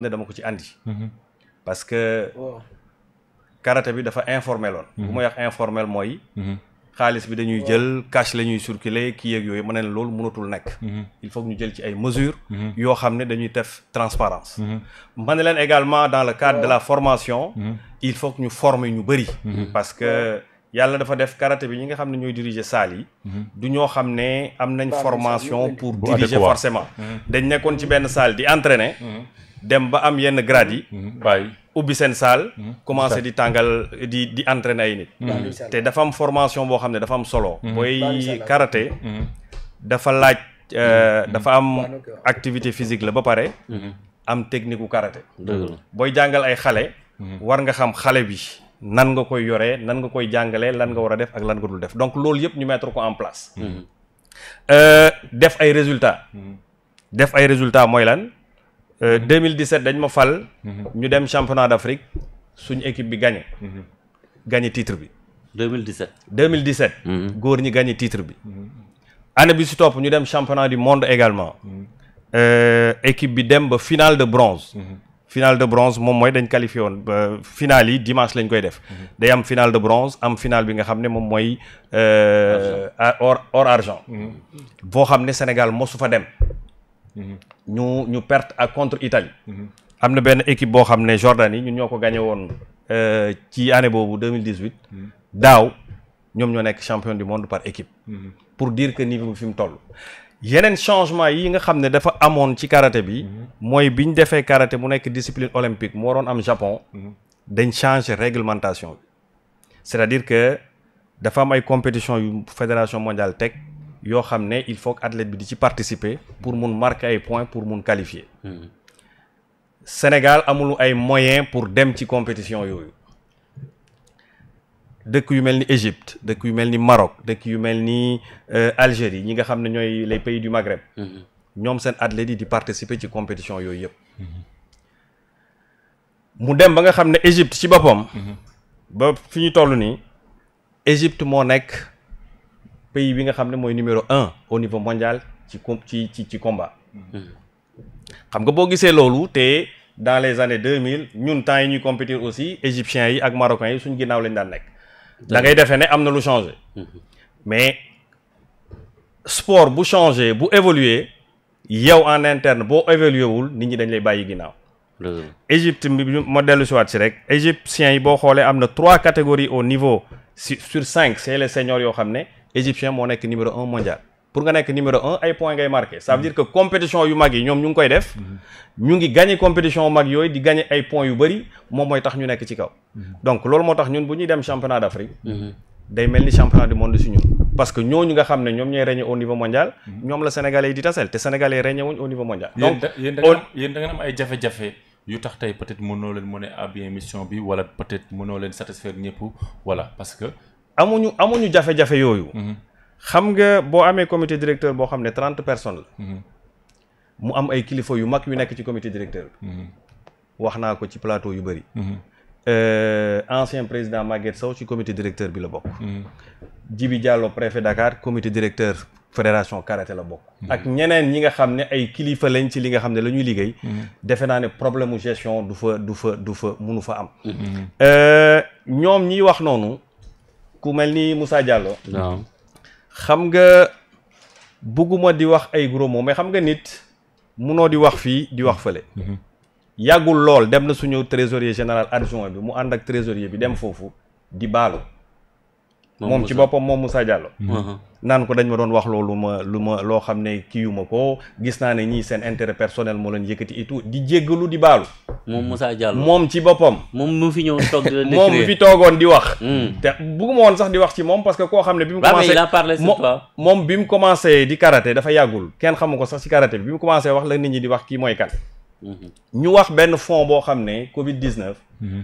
ne dama ko ci andi. Mhm. parce que karaté bi dafa informel woon. bu mhm. ma wax informel mooy. Mhm. xaalis bi dañuy jël cash la ñuy circuler kii yeeg yooyu ma ne loolu mënatul nekk. il faut que ñu jël ci ay mesures. yoo xam ne dañuy def transparence ma ne leen également dans le cadre de la formation. il faut que ñu former ñu bëri. parce que yàlla dafa def karaté bi ñi nga xam ne ñooy diriger salle yi. du ñoo xam ne am nañ formation pour diriger forcément. dañ nekkoon ci benn salle dem ba am yenn grade yi. Mhm. bàyyi ubbi seen saal. Mhm. commencé di tàngal di di entraîner ay nit. Mhm. te dafa am formation boo xam ne dafa am solo. booy karaté. dafa laaj euh, dafa am activité physique la ba pare. am technique gu karaté. booy jàngal ay xale. war nga xam xale bi. nan nga koy yoree nan nga koy jàngalee lan nga war a def ak lan nga dul def donc loolu yëpp ñu mettre ko en place. Euh, def ay résultat def ay résultats mooy lan. 2017 euh, dañ ma fal. Mhm. ñu dem championnat d' Afrique suñu équipe bi gagné. Mhm. gagné titre bi. 2017. 2017. Mhm. góor ñi gagné titre bi. année bi si topp ñu dem championnat du monde également. Euh, équipe bi dem ba finale de bronze. finale de bronze moom mooy dañ qualifié woon ba finale yi dimanche lañ koy def. day am finale de bronze am finale bi nga xam ne moom mooy. Euh, or or argent. boo xam ne Sénégal mosu fa dem. Mm-hmm. ñu ñu perte ak contre Italie. Mm-hmm. am na benn équipe boo xam ne Jordan ñu ñoo ko gagné woon euh, ci année boobu 2018. Mm-hmm. daaw ñoom ñoo nekk champion du monde par équipe. pour diir que niveau bi fi mu toll. yeneen changement yi nga xam ne dafa amoon ci karaté bi. mooy bi ñu defee karaté mu nekk discipline olympique mu waroon am Japon. dañ changer réglementation bi. c'est-à-dire que dafa am ay compétition yu fédération mondiale teg. yoo xam ne il faut que athlète bi di ci participer pour mun marquer ay points pour mun qualifier hmm. Sénégal amul ay moyens pour dem ci compétition yooyu dëkk yu mel ni Égypte dëkk yu mel ni Maroc dëkk yu mel ni euh, Algérie ñi nga xam ne ñooy les pays du Maghreb hmm. ñoom seen athlètes yi di participer ci compétition yooyu yëpp hmm. mu dem ba nga xam ne Égypte ci boppam ba fi ñu toll nii Égypte moo nekk pays bi nga xam ne mooy numéro un au niveau mondial ci ci ci ci combat. Hmm. xam nga boo gisee loolu te dans les années 2000 ñun temps yi ñuy compétir aussi égyptiens yi ak marocains yi suñ ginnaaw lañ daan nekk. Hmm. da ngay defee ne am na lu changé. Hmm. mais sport bu changé bu évoluer yow en interne boo évolué wul nit ñi dañ lay bàyyi ginnaaw. Égypte bi ma dellu si si rek égyptiens yi boo xoolee am na trois catégories au niveau sur cinq c'est les seniors yoo xam ne. égyptien moo nekk numéro un mondial pour nga nekk numéro un ay points ngay marqué ça veut dire que compétition yu mag yi ñoom ñu ngi koy def ñu ngi gagné compétition yu mag yooyu di gagné ay points yu bëri moom mooy tax ñu nekk ci kaw donc loolu moo tax ñun bu ñuy dem championnat d'Afrique day mel ni championnat du monde si ñun parce que ñooñu nga xam ne ñoom ñooy régné au niveau mondial ñoom la sénégalais yi di tasel te sénégalais régné wuñ au niveau mondial donc ay jafe-jafe yu tax peut-être mënoo leen mener à mission bi wala peut-être mënoo leen satisfaire que amuñu amuñu jafe-jafe yooyu. Mhm. xam nga boo amee comité directeur boo xam ne trente personnes la. Mhm. mu am ay kilifa yu mag yu nekk ci comité directeur bi. Mhm. wax naa ko ci plateau yu bëri. Euh, ancien président Maguette Sow ci comité directeur bi la bokk. Djibi Diallo préfet Dakar comité directeur fédération karaté la bokk. ak ñeneen ñi nga xam ne ay kilifa lañ ci li nga xam ne la ñuy liggéey. defe naa ne problème mu gestion du fa du fa du fa mënu fa am. Euh, ñoom ñiy wax noonu. ku mel ni Moussa jàlloo xam nga bugguma di wax ay gros mots mais xam nga nit munoo di wax fii di wax fële. Mhm. yàggul lool dem na suñu trésorier général adjoint bi mu ànd ak trésorier bi dem foofu di baalu. moom ci boppam moom Moussa Diallo uh-huh. Uh-huh. naan ko dañ ma doon wax loolu ma lu ma loo xam ne kiiwu ma ko gis naa ne ñii seen intérêt personnel moo leen yëkkati et tout di jéggalu di baalu moom Moussa Diallo moom ci boppam moom mu fi ñëw toog di la moom fi toogoon di wax hmm. te bugguma woon sax di wax ci moom parce que koo xam ne bi mu commencé il a parlé sur toi moom bi mu commencé di karaté dafa yàggul kenn xamu ko sax ci karaté bi bi mu commencé wax la nit ñi di wax kii mooy kan hmm. ñu wax benn fond boo xam ne covid 19 hmm.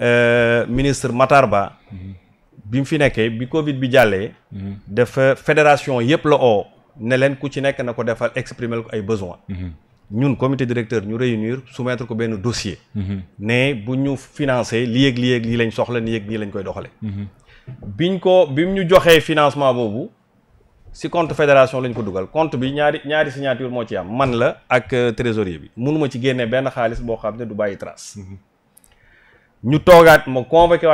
euh, ministre Matar bi mu fi nekkee bi Covid bi jàllee. Mhm. dafa fédération yëpp la oo ne leen ku ci nekk na ko defal exprimer ko ay besoin mhm. ñun comité directeur ñu réunir soumettre ko benn dossier. Mhm. ne bu ñu financer li yéeg li yéeg lii lañ soxla ni yéeg nii lañ koy doxalee. biñ ko bi ñu joxee financement boobu si compte fédération lañ ko dugal compte bi ñaari ñaari signature moo ci am man la ak euh, trésorier bi. mënuma ci génnee benn xaalis boo xam ne du bàyyi trace. ñu toogaat ma convoqué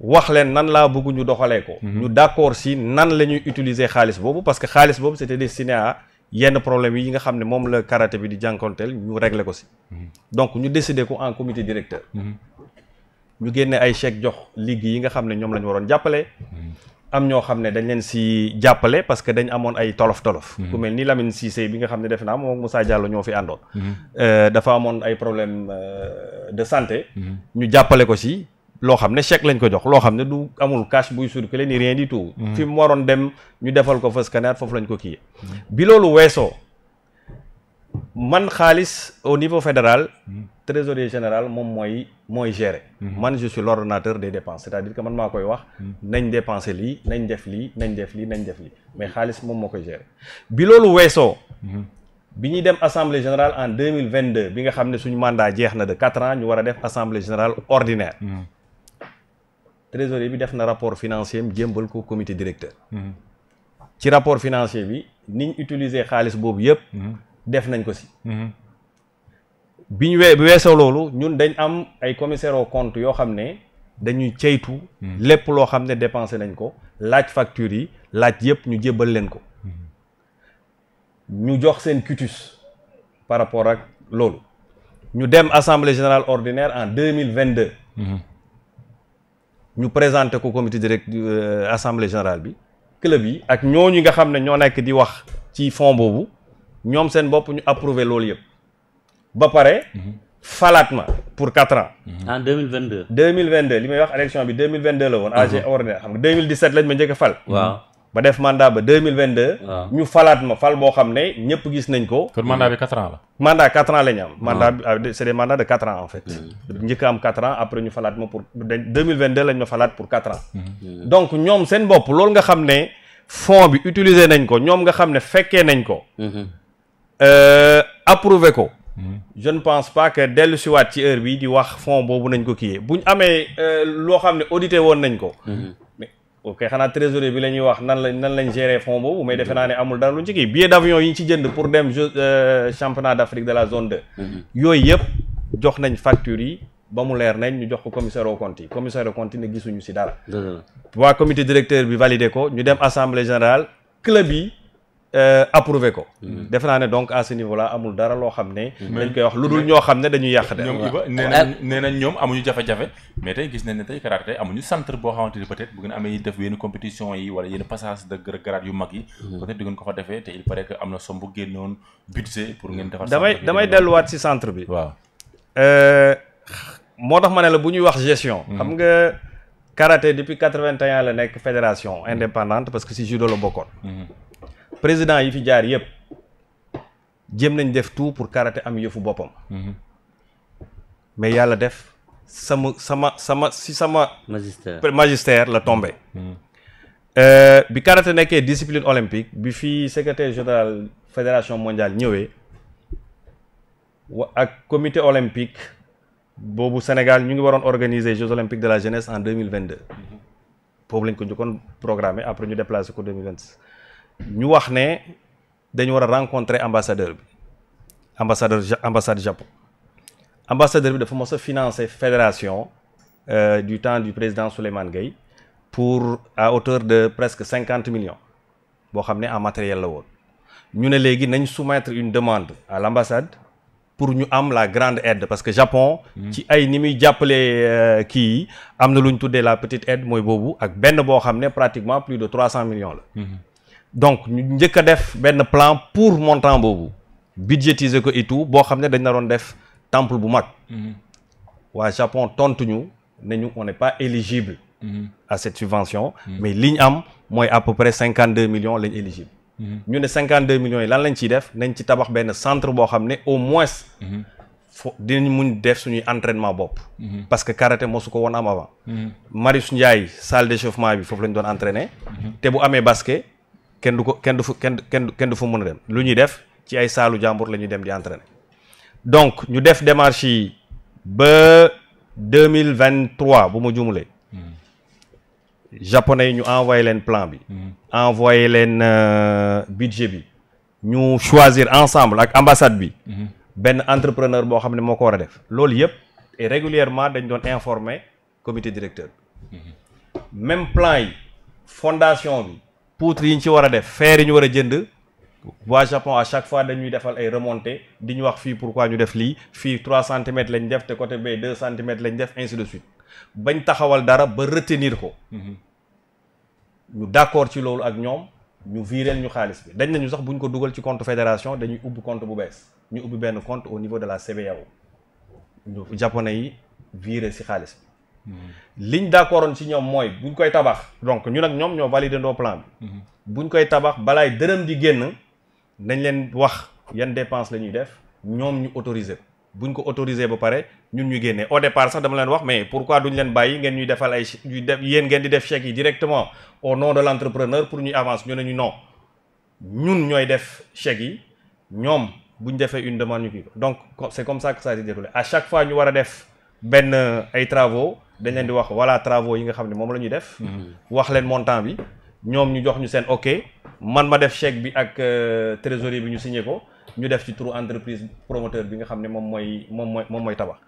wax leen nan laa bëgg ñu doxalee ko. Mhm. ñu d'accord si nan la ñuy utiliser xaalis boobu parce que xaalis boobu c'était destiné à yenn problème yi nga xam ne moom la karaté bi di jànkonteel ñu régler ko si. Mhm. donc ñu décider ko en comité directeur. Mhm. ñu génne ay chèques jox liggéey yi nga xam ne ñoom la ñu waroon jàppale. am ñoo xam ne dañ leen si jàppale parce que dañ amoon ay tolof tolof. ku mel ni Lamine Cissé bi nga xam ne defe naa moom Moussa Diallo ñoo fi àndoon. Euh, dafa amoon ay problème euh, de santé. ñu jàppale ko si. loo xam ne chèque lañ ko jox loo xam ne du amul cash buy circulé ni rien du tout. Mm-hmm. fi waroon dem ñu defal ko fa scanner foofu lañ ko kii. Mm-hmm. bi loolu weesoo man xaalis au niveau fédéral. Mm-hmm. trésorier général moom mooy mooy gérer. man je suis l'ordonnateur des dépenses cest à man maa koy wax. nañ dépenser lii nañ def lii nañ def lii nañ def lii mais xaalis moom moo koy gérer bi loolu weesoo. bi ñuy dem assemblée générale en deux mille vingt deux bi nga xam ne suñu mandat jeex na de quatre ans ñu war a def assemblée générale ordinaire. trésorier bi def na rapport financier mu jémbal ko comité directeur. Mhm. ci rapport financier bi niñ utiliser xaalis boobu yëpp. Mhm. def nañ ko si. Mhm. bi ñu wee weesoo loolu ñun dañ am ay commissaire aux yoo xam ne dañuy ceytu. lépp loo xam ne dépensé nañ ko laaj factures yi laaj yëpp ñu jébbal leen ko. ñu jox seen cutus par rapport ak loolu. ñu dem assemblée générale ordinaire en deux mille vingt deux. ñu présenté ko comité direct euh, assemblée générale bi club yi ak ñoo ñooñu nga xam ne ñoo nekk di wax ci fond boobu ñoom seen bopp ñu approuvé loolu yëpp ba pare mhm. falaat ma pour quatre ans. Mhm. li may wax élection bi la woon. AG mhm. ordinaire xam nga deux mille dix sept a fal. ba def mandat ba deux mille vingt deux. ñu falaat ma fal boo xam ne ñëpp gis nañ ko. kon mandat bi quatre ans la. mandat quatre ans la ñu am. mandat bi ah, c' est des mandats de quatre ans en fait. Mm-hmm. njëkk am quatre ans après ñu falaat ma pour deux mille vingt deux lañ ma falaat pour quatre ans. Mm-hmm. Mm-hmm. donc ñoom seen bopp loolu nga xam ne fond bi utiliser nañ ko ñoom nga xam ne fekkee nañ ko. Euh, approuvé ko. je pense pas que dellu siwaat ci heure bi di wax fond boobu nañ ko kiiyee bu ñu amee euh, loo xam ne audité woon nañ ko. ok xanaa trésorier bi la ñuy wax nan lañ nan lañ gérer fonds boobu mais defe naa ne amul dara luñ ci kii billet d'avion yi ñu jënd pour dem euh, championnat d'Afrique de la zone de mhm. yooyu yëpp jox nañ facture yi ba mu leer nañ ñu jox ko commissaire aux comptes yi commissaire aux comptes ne gisuñu si dara. waa comité directeur bi validé ko ñu dem assemblée générale club yi. Euh, approuvé ko. Mm. defe naa ne donc à ce niveau là amul dara loo xam ne. dañ koy wax lu dul ñoo xam ne dañuy yàq de. ne Iba nañ nee nañ ñoom amuñu jafe-jafe. mais tey gis nañ ne tey karaté tey amuñu centre boo xamante ni peut bu ngeen amee def yenn compétition yi wala yenn passage de grade yu mag yi. Mm. peut-être di ngeen ko fa defee te il paraît que am na somme bu génnoon budget pour ngeen defar. damay damay delluwaat centre bi. waaw. Euh, moo tax ma ne la bu ñuy wax gestion. Mm. xam nga karaté depuis quatre-vingt-un la nekk fédération indépendante parce que ci judo la bokkoon. président yi fi jaar yëpp jéem nañ def tout pour karaté am yëfu boppam. Mhm. mais yàlla def sama sama sama si sama. magistère magistère la tombé. Mhm. Mhm. Euh, bi karaté nekkee discipline olympique bi fii secrétaire général fédération mondiale ñëwee wa ak comité olympique boobu Sénégal ñu ngi waroon organiser Jeux olympiques de la jeunesse en deux mille vingt deux. lañ ko kon programme après ñu déplacé ko deux mille ñu wax ne dañu war a rencontrer ambassadeur bi ambassadeur ambassade Japon ambassadeur bi dafa mos a financer fédération euh, du temps du président Souleymane Gueye pour à hauteur de presque cinquante millions boo xam ne en matériel la woon ñu ne léegi nañ soumettre une demande à l'ambassade pour ñu am la grande aide parce que Japon mm. ci ay ni muy jàppale euh, kii yi am na lu ñu tuddee la petite aide mooy boobu ak benn boo xam ne pratiquement plus de trois cent millions la mm-hmm. donc ñu njëkk a def benn plan pour montant boobu budgétiser ko et tout boo xam ne dañ na doon def temple bu mag mhm. waa Japon tontu ñu ne ñu on n'est pas éligible mhm. à cette subvention mhm. mais li ñu am mooy à peu près cinquante lañ éligible ñu ne cinquante deux millions yi lan lañ ciy def nañ ci tabax benn centre boo xam ne au moins fo dinañ mun def suñuy entraînement bopp parce que karaté mosu ko woon am avant Marius Ndiaye salle d'échauffement bi foofu lañ doon entraîner te bu amee kenn du ko kenn du fu kenn kenn kenn du fu mun a dem lu ñuy def ci ay saalu jàmbur la ñuy dem di entraîner donc ñu def démarche yi ba deux mille vingt trois bu ma jumulee hmm. japonais yi ñu envoyé leen plan bi hmm. envoyé leen euh, budget bi ñu choisir ensemble ak ambassade bi hmm. benn entrepreneur boo xam ne moo ko war a def loolu yëpp et régulièrement dañ doon informer comité directeur bi même plan yi fondation bi poutre yi ñu ci war a def fer yi ñu war a jënd waa Japon à chaque fois dañuy defal ay remontées di ñu wax fii pourquoi ñu def lii fii trois centimètres lañ def te côté bee deux centimètres lañ def ainsi de suite bañ taxawal dara ba retenir ko mhm. ñu d'accord ci loolu ak ñoom ñu viréel ñu xaalis bi dañ nañu sax buñ ko dugal ci compte fédération dañuy ubbi compte bu bees ñu ubbi benn compte au niveau de la CBAO ñu japonais yi viré si xaalis bi liñ d'accordoon ci ñoom mooy bu ñu koy tabax donc ñu nag ñoom ñoo validé ndoo plan bi mhm. buñ koy tabax balaay dërëm di génn nañ leen wax yan dépense la ñuy def ñoom ñu autorisé bu ñu ko autorisé ba pare ñun ñu génnee o départ sax dama leen wax mais pourquoi duñ leen bàyyi ngeen ñuy defal ay ñuy def yéen ngeen di def chèques yi directement au non de l'entrepreneur pour ñuy avance ñu ne ñu non ñun ñooy def chèques yi ñoom bu ñu defee une demande ñu donc c'est comme ça que ça à chaque fois ñu war a def benn euh, ay travaux dañ leen di wax voilà travaux yi nga xam ne moom la ñuy def. Mhm. wax leen montant bi ñoom ñu jox ñu seen ok man ma def check bi ak euh, trésorier bi ñu signé ko ñu def ci turu entreprise promoteur bi nga xam ne moom mooy moom mooy moom mooy tabax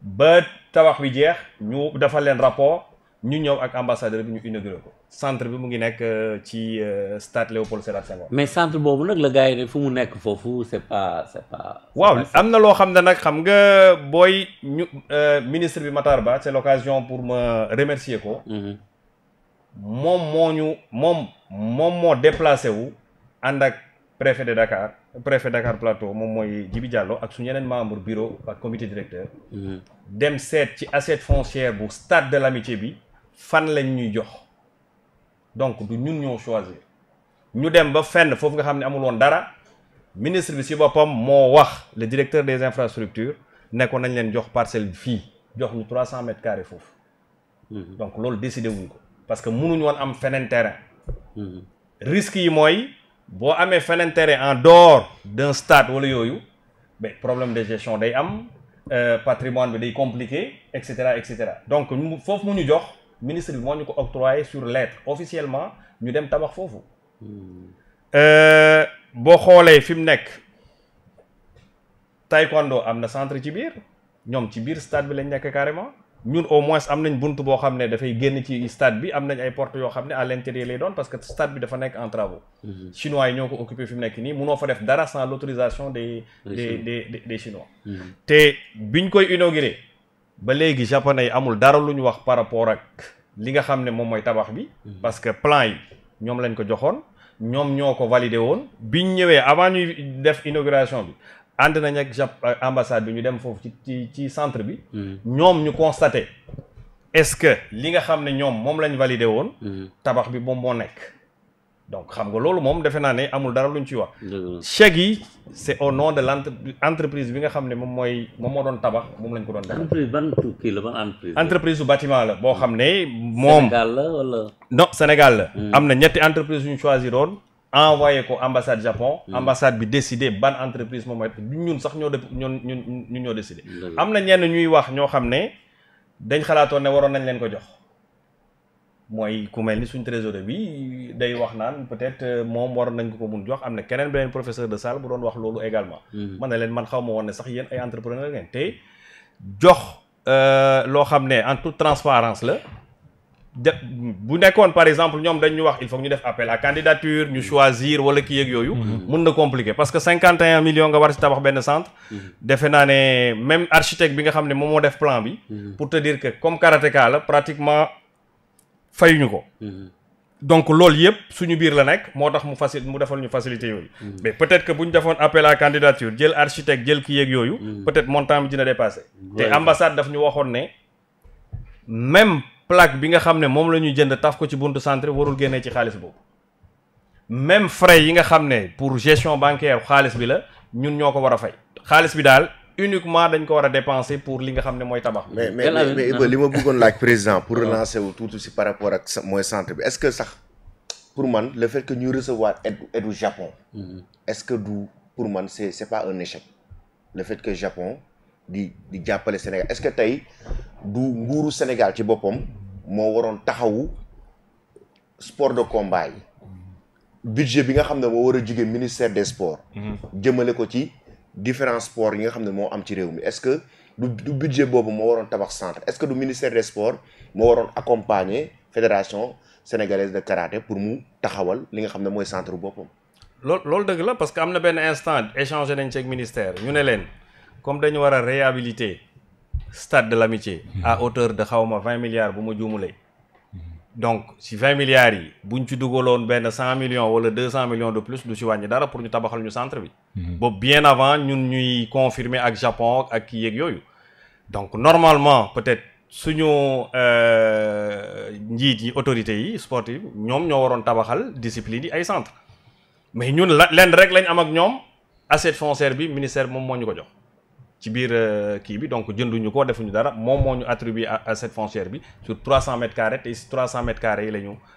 ba tabax bi jeex ñu defal leen rapport. ñu ñëw ak ambassadeur bi ñu inauguré ko centre bi mu ngi nekk euh, ci euh, stade Léopold Sédar Senghor. mais centre boobu nag la gars yi fu mu nekk foofu c'est pas c'est pas. waaw am na loo xam ne nag xam nga booy ñu euh, ministre bi Matar Ba c'est l'occasion pour ma remercier ko. Mm-hmm. moom moo ñu moom moom moo déplacé wu ànd ak préfet de Dakar préfet Dakar Plateau moom mooy Djibi ak su ñeneen membre bureau ak comité directeur. Mm-hmm. dem seet ci assiette foncière bu stade de l'amitié bi. fan lañ ñuy jox donc du ñun ñoo choisir ñu dem ba fenn foofu nga xam ne amul woon dara ministre bi ci boppam moo wax le directeur des infrastructures ne ko nañ leen jox parcelle fii jox ñu trois cent mètres carrés foofu mhm. donc loolu décidé wuñ ko parce que mënuñu woon am feneen terrain mhm. risque yi mooy boo amee feneen en dehors d'un stade wala yooyu mais problème de gestion day am euh, patrimoine bi day compliqué et cetera et cetera donc foofu mu ñu jox ministre bi moo ñu ko octroyé sur lettre officiellement ñu dem tabax foofu euh, boo xoolee fi mu nekk taekwondo am na centre ci biir ñoom ci biir stade bi lañ nekk carrément ñun au moins am nañ bunt boo xam ne dafay génn ci stade bi am nañ ay porte yoo xam ne à l'intérieur lay doon parce que stade bi dafa nekk en travaux mhm. chinois yi ñoo ko occupé fi mu nekk nii munoo fa def dara sans l'autorisation des des des des chinois mhm. te biñ koy inauguré ba léegi japonais yi amul dara lu ñu wax par rapport ak li nga xam ne moom mooy tabax bi. Mm-hmm. parce que plan yi ñoom lañ ko joxoon. ñoom ñoo ko validé woon. biñ ñëwee avant ñuy def inauguration bi ànd nañ ak Jap euh, ambassade bi ñu dem foofu ci ci ci centre bi. Mm-hmm. ñoom ñu constaté est-ce que li nga xam ne ñoom moom lañ validé woon. Mm-hmm. tabax bi moom moo nekk. donc xam nga loolu moom defe naa ne amul dara luñ ci wax. chèque yi est au non de l' entreprise bi nga xam ne moom mooy moom moo doon tabax moom lañ ko doon. entreprise ban kii la ban entreprise. entreprise su bâtiment la boo xam ne. moom Sénégal la wala. non Sénégal la. Hmm. na ñetti entreprise yu ñu choisir woon envoyé ko ambassade Japon. Hmm. ambassade bi décidé ban entreprise moom mooy ñun sax ñoo def ñun ñun ñoo décidé. am na ñenn ñuy wax ñoo xam ne dañ xalaatoon ne waroon nañ leen ko jox. mooy ku mel ni suñ trésorier bi day wax naan peut-être euh, moom war nañ ko ko mun jox am na keneen beneen professeur de salle bu doon wax loolu également. Mm-hmm. man na leen man xaw ma woon ne sax yéen ay entrepreneur ngeen tey jox euh, loo xam ne en toute transparence la. de bu nekkoon par exemple ñoom dañ wax il faut ñu def appel à candidature ñu choisir wala ki yëg yooyu. Mm-hmm. mun na compliqué parce que 51 millions nga war si tabax benn centre. Mm-hmm. defe naa ne même architecte bi nga xam ne moom moo def plan bi. pratiquement. fayuñu ko. Mhm. donc loolu yëpp suñu biir la nekk moo tax mu facile mu defal ñu facilité yooyu. Mhm. mais peut-être que bu ñu defoon appel à candidature jël architecte jël ki yeeg yooyu. Mhm. peut-être montant bi dina dépassé. te ambassade daf ñu waxoon ne même plaque bi nga xam ne moom la ñuy jënd taf ko ci buntu centre warul génnee ci xaalis boobu. même frais yi nga xam ne pour gestion bancaire xaalis bi la ñun ñoo ko war a fay. xaalis bi daal uniquement dañ ko war a dépenser pour li nga xam ne mooy tabax. mais mais mais li ma bëggoon laaj président pour relancer wu tuuti si par rapport ak mooy centre bi est-ce que sax pour man le fait que ñuy recevoir aide Japon. Mm-hmm. est-ce que du pour man c'est c'est pas un le fait que Japon di di jàppale Sénégal est-ce que tey du nguuru Sénégal ci boppam moo waroon taxawu sport de combat yi mm-hmm. budget bi nga xam ne moo war a jigéen ministère des sports. Mm-hmm. jëmale ko ci. différents sports yi nga xam ne moo am ci réew mi est-ce que du du budget boobu moo waroon tabax centre est-ce que du ministère des sports moo waroon accompagner fédération sénégalaise de karaté pour mu taxawal li nga xam ne mooy centre boppam. loolu loolu dëgg la parce que am na benn instant échangé nañ ci ak ministère ñu ne leen comme dañu war a réhabiliter stade de l'amitié. à hauteur de xawma vingt milliards bu ma juumulee. donc si vingt milliards yi bu ñu ci dugaloon benn cent millions wala deux cent millions de plus du ci wàññi dara pour ñu tabaxal ñu centre bi. Mhm. boobu bien avant ñun ñuy confirmer ak Japon ak ki yeeg yooyu. donc normalement peut-être suñu euh, njiit yi autorités yi sportive ñoom ñoo waroon tabaxal discipline yi ay centre mais ñun la lenn rek lañ am ak ñoom assiette foncière bi ministère moom moo ñu ko jox. ci biir euh, kii bi donc jënduñu ko defuñu dara moom moo ñu attribué à cette foncière bi sur 300 mètres carrés te si 300 mètres carrés yi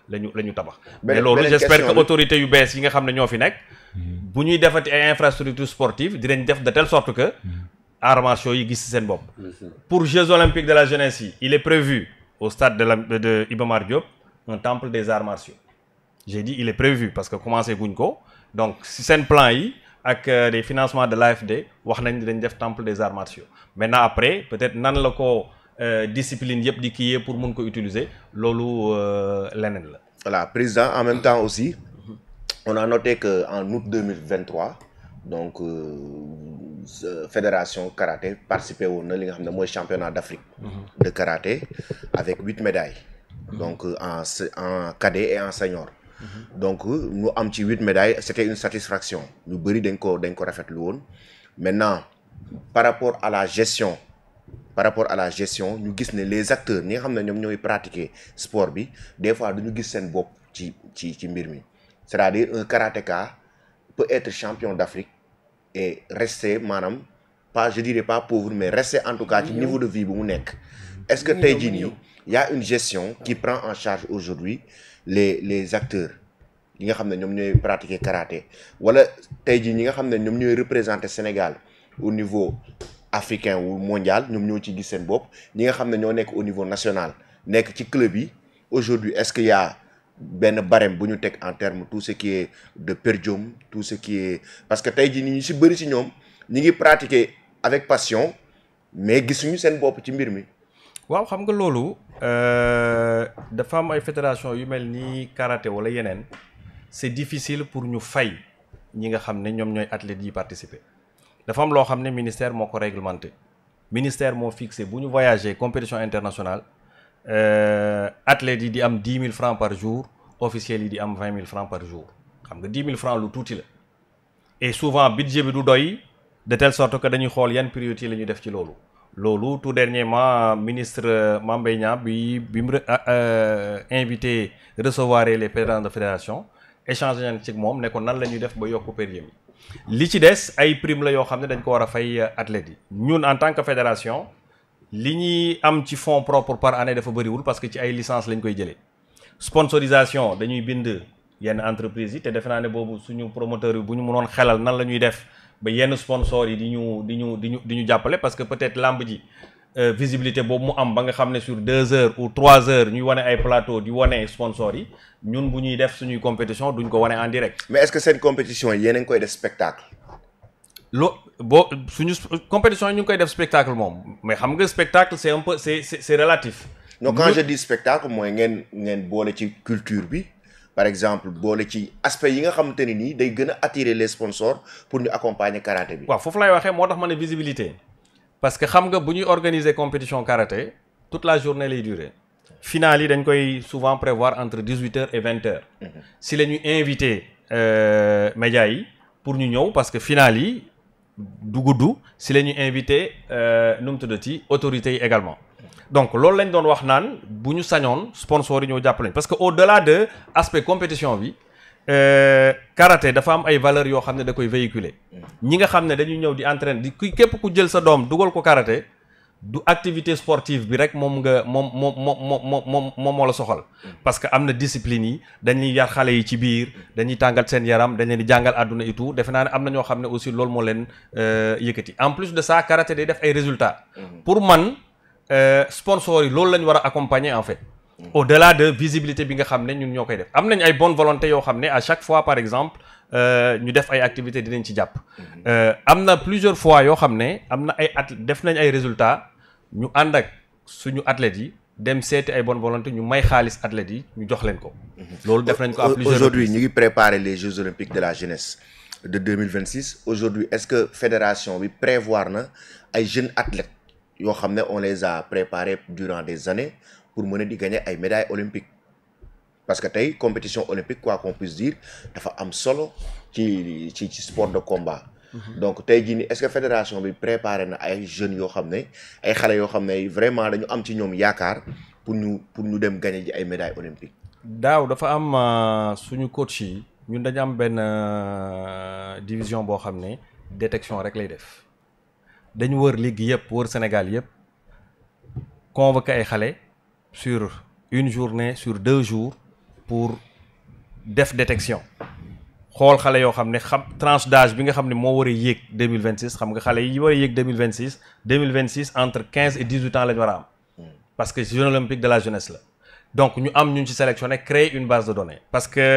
la ñu la tabax. mais loolu j'espère que autorité yu bees yi nga xam ne ñoo fi nekk. Hmm. bu ñuy defati ay infrastructures sportives dinañ def de telle sorte que. Hmm. arts martiaux yi gis si seen bopp. pour Jeux olympiques de la jeunesse yi il est prévu au stade de la de Iba Mar un temple des arts martiaux. j'ai il est prévu parce que commencé guñ ko donc seen plan yi. ak euh, les financements de l'AFD wax nañ dañ def temple des arts martiaux maintenant après peut-être nan la ko euh, discipline yëpp di kii pour mun ko utiliser loolu euh, leneen la. voilà président en même temps aussi on a noté que en août 2023 donc fédération karaté participé woon na li nga xam ne mooy championnat d'Afrique mhm. de karaté avec huit médailles mhm. donc en en cadet et en senior. donc ñu am ci huite médailles c'était une satisfaction ñu bëri dañ ko dañ ko rafetlu woon maintenant par rapport à la gestion par rapport à la gestion ñu gis ne les acteurs ni nga xam ne ñoom ñooy pratiquer sport bi des fois ñu gis seen bopp ci ci ci mbir mi c'est-à-dire un karatéka peut être champion d'Afrique et rester maanaam pas je dirais pas pauvre mais rester en tout cas ci niveau de vie bu mu nekk est-ce que tey jii nii y a une gestion qui prend en charge aujourd'hui les les acteurs ñi nga xam ne ñoom ñooy pratiquer karaté wala tey jii ñi nga xam ne ñoom ñooy représenter Sénégal au niveau africain wu mondial ñoom ñoo ci gis seen bopp ñi nga xam ne ñoo nekk au niveau national nekk ci club yi aujourd'hui est-ce que y benn barème bu ñu teg en terme tout ce qui est de perdium tout ce qui est parce que tey jii ni ñu si bëri si ñoom ñi ngi pratiquer avec passion mais gisuñu seen bopp ci mbir mi. waaw xam nga loolu euh, dafa am ay fédération yu mel ni karaté wala yeneen. c'est difficile pour ñu fay ñi nga xam ne ñoom ñooy athlètes yi participer dafa am loo xam ne ministère moo ko réglementé ministère moo fixé bu ñu voyager compétition internationale euh, athlètes yi di am dix mille francs par jour officiels yi di am vingt mille francs par jour xam nga dix mille francs lu tuuti la et souvent budget bi du doy de telle sorte que dañuy xool yan priorité la ñuy def ci loolu loolu tout dernièrement ministre euh, Mame Mbaye Niang bi bi mu euh, invité recevoir les présidents de fédération échangé nañ ci moom ne ko nan la ñuy def ba yokk per diem yi li ci des ay prime la yoo xam ne dañ ko war a fay euh, athlètes yi ñun en tant que fédération li ñuy am ci fonds propre par année dafa bëriwul parce que ci ay licence lañ koy jëlee sponsorisation dañuy bind yenn entreprise yi te defe naa ne boobu suñu promoteur yi bu ñu mënoon xelal nan la ñuy def ba yenn sponsors yi di ñu di ñu di ñu di ñu jàppale parce que peut-être làmb ji Euh, visibilité boobu mu am ba nga xam ne sur deux heures ou trois heures ñuy wane ay plateau di wane sponsors yi ñun bu ñuy def suñuy compétition duñ ko wane en direct. mais est-ce seen compétition yéen a koy def spectacle. loo boo suñu compétition yi ñu ngi koy def spectacle moom mais xam nga spectacle c'est un peu c'est relatif. non quand di dis spectacle mooy ngeen ngeen boole ci culture bi par exemple boole ci aspect yi nga xamante ne nii day gën a attirer les sponsors pour ñu accompagner karaté foofu lay waxee moo tax ma ne visibilité. parce que xam nga bu ñuy organiser compétition karaté toute la journée lay durer finale yi dañ koy souvent prévoir entre dix huit heures et vingt heures mm-hmm. si la ñuy invité euh, médias yi pour ñu ñëw parce que finale yi du gudd si la ñuy invité euh, nu mu tuddati autorités yi également donc loolu lañ doon wax naan bu ñu sañoon sponsor yi ñoo jàppale parce que au delà de aspect compétition bi Euh, karaté dafa am ay valeurs yoo xam ne da koy véhiculer mm. ñi nga xam ne dañuy ñëw di entraîner di képp ku jël sa doom dugal ko karaté du activité sportive bi rek moom nga moom moom moom moom moom moo la soxal mm. parce que am na discipline yi dañuy yar xale yi ci biir mm. dañuy tàngal seen yaram dañ leen di jàngal àdduna et tout defe naa ne am na ñoo xam ne aussi loolu moo leen euh, yëkkati en plus de ça karaté day def ay résultat mm-hmm. pour man euh, sponsors yi loolu la ñu war a accompagner en fait Mmh. au delà de visibilité bi nga xam ne ñun ñoo koy def am nañ ay bonne volonté yoo xam ne à chaque fois par exemple euh, ñu def ay activités dinañ ci jàpp. Mmh. Euh, am na plusieurs fois yoo xam ne am na ay at def nañ ay résultat ñu ànd ak suñu athlètes yi. dem seeti ay bonne volonté ñu may xaalis athlètes yi ñu jox leen ko. Mmh. loolu def nañ ko à plusieurs aujourd'hui ñu ngi préparer les Jeux olympiques de la jeunesse de deux mille vingt six aujourd'hui est-ce que fédération bi prévoir na ay jeunes athlètes yoo xam ne on les a préparés durant des années pour mën a di gagner ay médailles olympiques parce que tey compétition olympique quoi qu'on puisse dafa am solo ci ci ci sport de combat. Mhm. donc tey jii nii est-ce que fédération bi préparé na ay jeunes yoo xam ne ay xale yoo xam ne vraiment dañu am ci ñoom yaakaar pour ñu pour ñu dem gagner ji ay médailles olympiques. daaw dafa am euh, suñu coach yi ñun dañu am benn euh, division boo xam ne détection rek lay def dañu wër ligue yëpp wër Sénégal yëpp convoqué ay xale. sur une journée sur deux jours pour def détection xool xale yoo xam ne xam tranche d'âge bi nga xam ne moo war a yéeg deux mille vingt six xam nga xale yi war a yéeg deux mille vingt six deux mille vingt six entre et ans la ñu war a am parce que Jeux olympiques de la jeunesse la donc ñu am ñu ci sélectionné créer une base de données parce que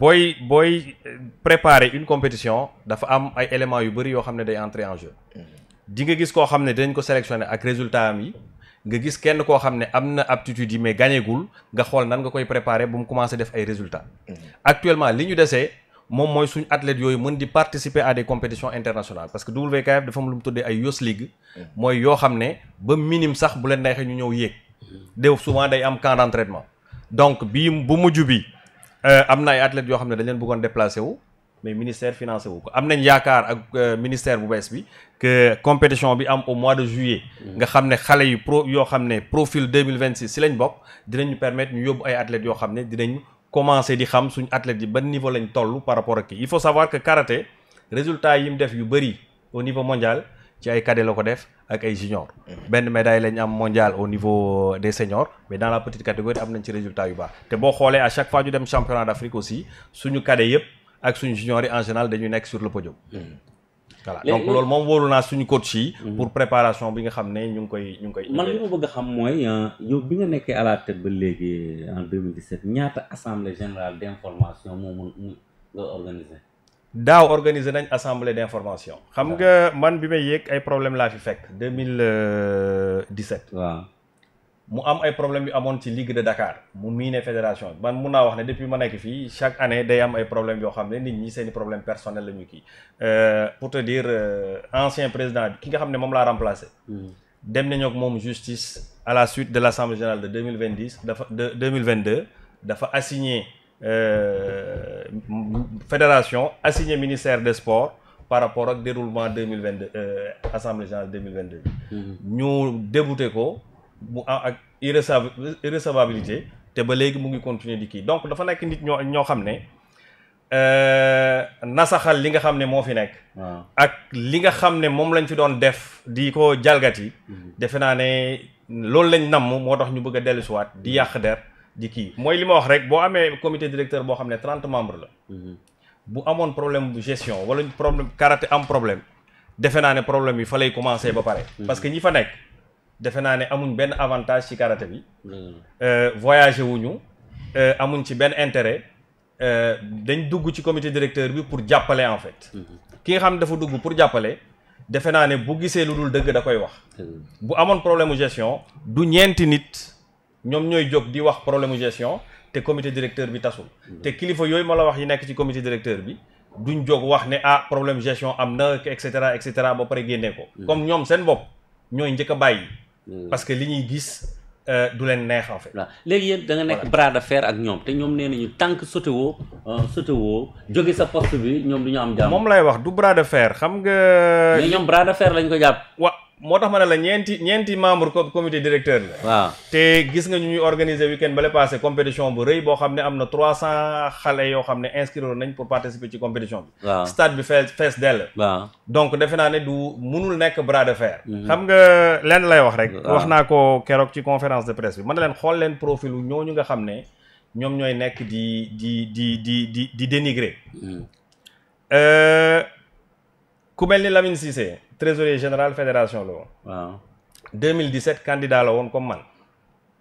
booy booy euh, préparer une compétition dafa am ay éléments yu bëri yoo xam ne day entrer en jeu mm-hmm. di gis koo xam ne dinañ ko sélectionné ak résultat am yi nga gis kenn koo xam ne am na aptitude yi mais gañeegul nga xool nan nga koy préparer bu mu commencé def ay résultat mm-hmm. actuellement li ñu desee moom mooy suñu athlètes yooyu mën di participer à des compétitions internationales parce que WKF dafa am lu mu tuddee ay Youth League. Mm-hmm. mooy yoo xam ne ba minime sax bu leen neexee ñu ñëw yéeg. Mm-hmm. de souvent day am camp d'entraînement. donc bii bu mujj bi euh, am na ay athlètes yoo xam ne dañ leen bëggoon déplacé wu. mais ministère financé wu ko am nañ yaakaar ak euh, ministère bu bees bi que compétition bi am au mois de juillet mm. nga xam ne xale yu pro yoo xam ne profil 2026 si lañ bokk dinañu permettre ñu yóbbu ay athlètes yoo xam ne dinañ commencer di xam suñ athlètes yi ban niveau lañ toll par rapport ak kii il faut savoir que karaté résultat yi def yu bëri au niveau mondial ci ay cadets la ko def ak ay junior mm. benn médaille lañ am mondial au niveau des seniors mais dans la petite yu baax te boo xoolee à chaque fois ñu dem championnat d'Afrique aussi suñu cadets yëpp ak suñu juniors yi en général dañuy nekk sur le podium. Mm. voilà donc loolu moom wooru naa suñu coach si mm. pour préparation bi nga xam ne ñu ngi koy ñu ngi koy. man li ma bëgg a xam mooy euh, yow bi nga nekkee à la ba léegi euh, en 2017 ñaata assemblée générale d' information moo mun nga organiser. daaw organiser nañ assemblée d' information. xam nga man bi may yéeg ay problème laa fi fekk deux 2017. Euh, waaw. mu am ay problème yu amoon ci Ligue de Dakar mu miine fédération man mun naa wax ne depuis ma nekk fii chaque année day am ay problème yoo xam ne nit ñi seeni problème personnel la ñu kii euh, pour te dire euh, ancien président ki nga xam ne moom laa remplacé hmm. dem nañu ak moom justice à la suite de l' assemblée générale de deux mille vingt dix dafa de deux mille vingt deux dafa assigné euh, fédération assigné ministère des sports par rapport ak déroulement deux mille vingt deux assemblée générale deux mille hmm. ñu débouté ko mu ah, ak irrecevabilité te ba léegi mu ngi continuer di donc dafa nekk nit ñoo ñoo xam ne euh, nasaxal li nga xam ne moo fi nekk ak li nga xam ne moom lañ fi doon def di ko jalgati mhm. defe naa ne loolu lañ namm moo tax ñu bëgg a dellusiwaat di yàq der di kii mooy li ma wax rek boo amee comité directeur boo xam ne trente membres la mhm. bu amoon problème bu gestion wala problème karaté am problème defe naa ne problème yi fa lay commencé ba pare mhm. parce que ñi fa nekk defe naa ne amuñ benn avantage ci karaté bi hmm. euh, voyagé wuñu euh, amuñ ci benn intérêt euh, dañ dugg ci comité directeur bi pour jàppale en fait hmm. ki nga xam ne dafa dugg pour jàppale defe naa ne bu gisee lu dul dëgg da koy wax hmm. bu amoon problème mu gestion du ñeenti nit ñoom ñooy jóg di wax problème mu gestion te comité directeur bi tasul te kilifa yooyu ma la wax yi nekk ci comité directeur bi duñ jóg wax ne ah problème gestion am na et cetera et cetera ba pare génnee ko comme ñoom seen bopp ñooy njëkk a bàyyi Hmm. parce que li ñuy gis euh, du leen neex en fait. léegi yéen da nga nekk bras de fer ak ñoom te ñoom nee ñu tant que sote woo jóge sa poste bi ñoom lu ñu am. jàmm moom lay wax du bras de fer xam nga. mais ñoom bras de fer lañ ko jàpp wa moo tax ma ne la ñeenti ñeenti membre comité directeur la. waaw te gis nga ñu ñuy organiser week-end bale passé compétition bu rëy boo xam ne am na trois cent xale yoo xam ne inscrire nañ pour participer ci compétition bi. waaw bi fees fees dell. donc defe naa ne du munul nekk bras de fer. Mhm. xam nga lenn lay wax rek. wax naa ko keroog ci conférence de presse bi man leen xool leen profil ñooñu nga xam ne ñoom ñooy nekk di di di di di di dénigré mhm. euh, ku mel ni trésorier général fédération la woon. waaw 2017 candidat la woon comme man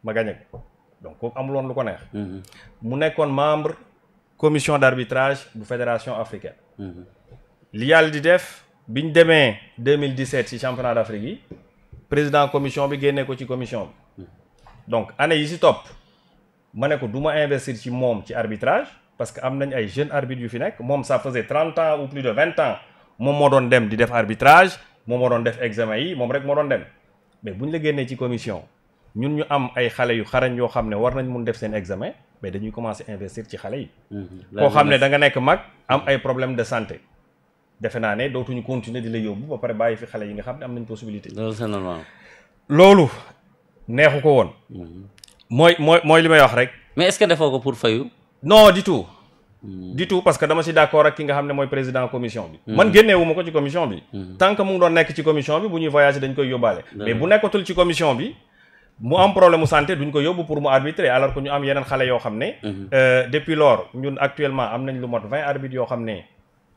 ma gagné ko donc kooku amul woon lu ko neex. Mhm. mu nekkoon membre commission d' arbitrage bu fédération africaine. Mhm. li yàlla di def bi ñu demee 2017 ci championnat d' Afrique yi président commission bi génnee ko ci commission bi. Mhm. donc année yi si topp ma ne ko du ma investir ci moom ci arbitrage parce que am nañ ay jeunes arbitres yu fi nekk moom ça faisait 30 ans ou plus de 20 ans. moom moo doon dem di def arbitrage moom moo doon def examen yi moom rek moo doon dem mais bu ñu la génnee ci commission ñun ñu am ay xale yu xarañ yoo xam ne war nañ mun def seen examen mais dañuy commencer investir ci xale yi. Mm-hmm. koo xam ne da nga nekk mag am mm-hmm. ay problème de santé. defe naa ne dootuñu continuer di la yóbbu ba pare bàyyi fi xale yi nga xam ne am nañ possibilité. loolu c'est normal. loolu neexu ko woon. Mm-hmm. mooy mooy mooy li may wax rek. mais est defoo ko pour fayu. non du tout. du tout parce que dama si d'accord ak ki nga xam ne mooy président commission bi man génneewu ma ko ci commission bi tant que mu ngi doon nekk ci commission bi bu ñuy mu am problème mu santé duñ ko yóbbu pour mu arbitrer alors que ñu am yeneen xale yoo xam ne mhm. euh, depuis lors ñun actuellement am nañ lu mot vingt arbitres yoo xam ne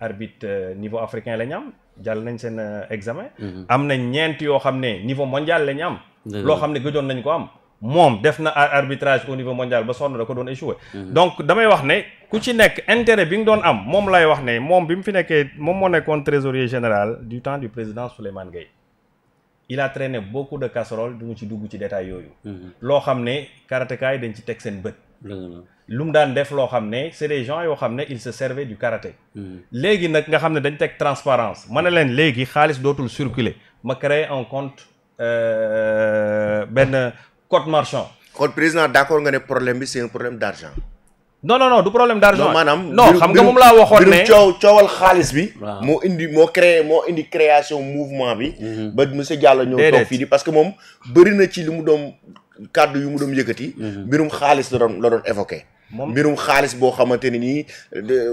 arbitre euh, niveau africain la ñu am jàll nañ seen euh, examen mhm. am nañ ñeent yoo xam ne niveau mondial la ñu am loo xam ne gëjoon nañ ko am moom def na arbitrage au niveau mondial ba sonn da ko doon échoué. Mhm. donc damay wax ne ku ci nekk intérêt bi nga doon am moom lay wax ne moom bi mu fi nekkee moom moo nekkoon trésorier général du temps du président Souleymane Gueye il a traîné beaucoup de casseroles du mu ci dugg ci détail yooyu. Mhm. loo xam ne karatéka yi dañ ci teg seen bët. lu mu daan def loo xam ne c'est des gens yoo xam ne ils se servaient du karaté. Mhm. léegi nag nga xam ne dañ teg transparence ma ne leen léegi xaalis dootul circuler ma créé un compte euh, benn. code marchand. kon président d'accord nga ne problème bi c'est un problème d'argent. non non non du problème d'argent. non xam nga moom laa waxoon ne coow coowal xaalis bi. moo indi moo créé moo indi création mouvement bi. Mhm. ba monsieur Diallo ñëw toog fii di parce que moom bëri na ci li mu doon kàddu yu mu doon yëkkati. Mhm. mbirum xaalis la doon la doon évoqué. moom mbirum xaalis boo xamante ne nii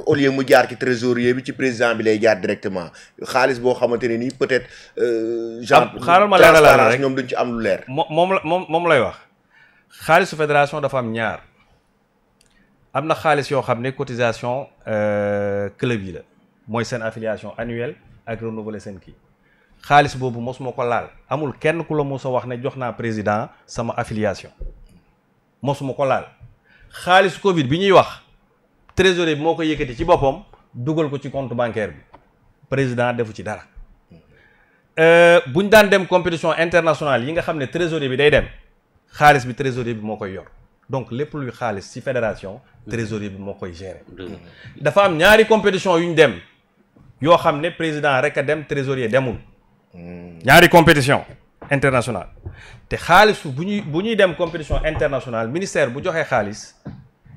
au lieu mu jaar ci trésorier bi ci président bi lay jaar directement xaalis boo xamante ne nii peut-être. Euh, genre xaaral ma leeralal rek ñoom duñ ci am lu leer. moom la moom moom lay wax xaalisu fédération dafa am ñaar am na xaalis yoo xam ne cotisation euh, club yi la mooy seen affiliation annuelle ak renouveler seen kii xaalis boobu mosuma ko laal amul kenn ku la mos wax ne jox naa président sama affiliation mosuma ko laal. xaalis Covid bi ñuy wax trésorier bi moo ko yëkkati ci boppam dugal ko ci compte bancaire bi président defu ci dara euh, bu ñu daan dem compétition internationale yi nga xam ne trésorier bi day dem xaalis bi trésorier bi moo koy yor donc lépp luy xaalis ci fédération trésorier bi moo koy gérer. dafa am ñaari compétition yu ñu dem yoo xam ne président rek a dem trésorier demul. Hmm. ñaari compétition. international te xaalisu bu ñuy bu ñuy dem compétition internationale ministère bu joxee xaalis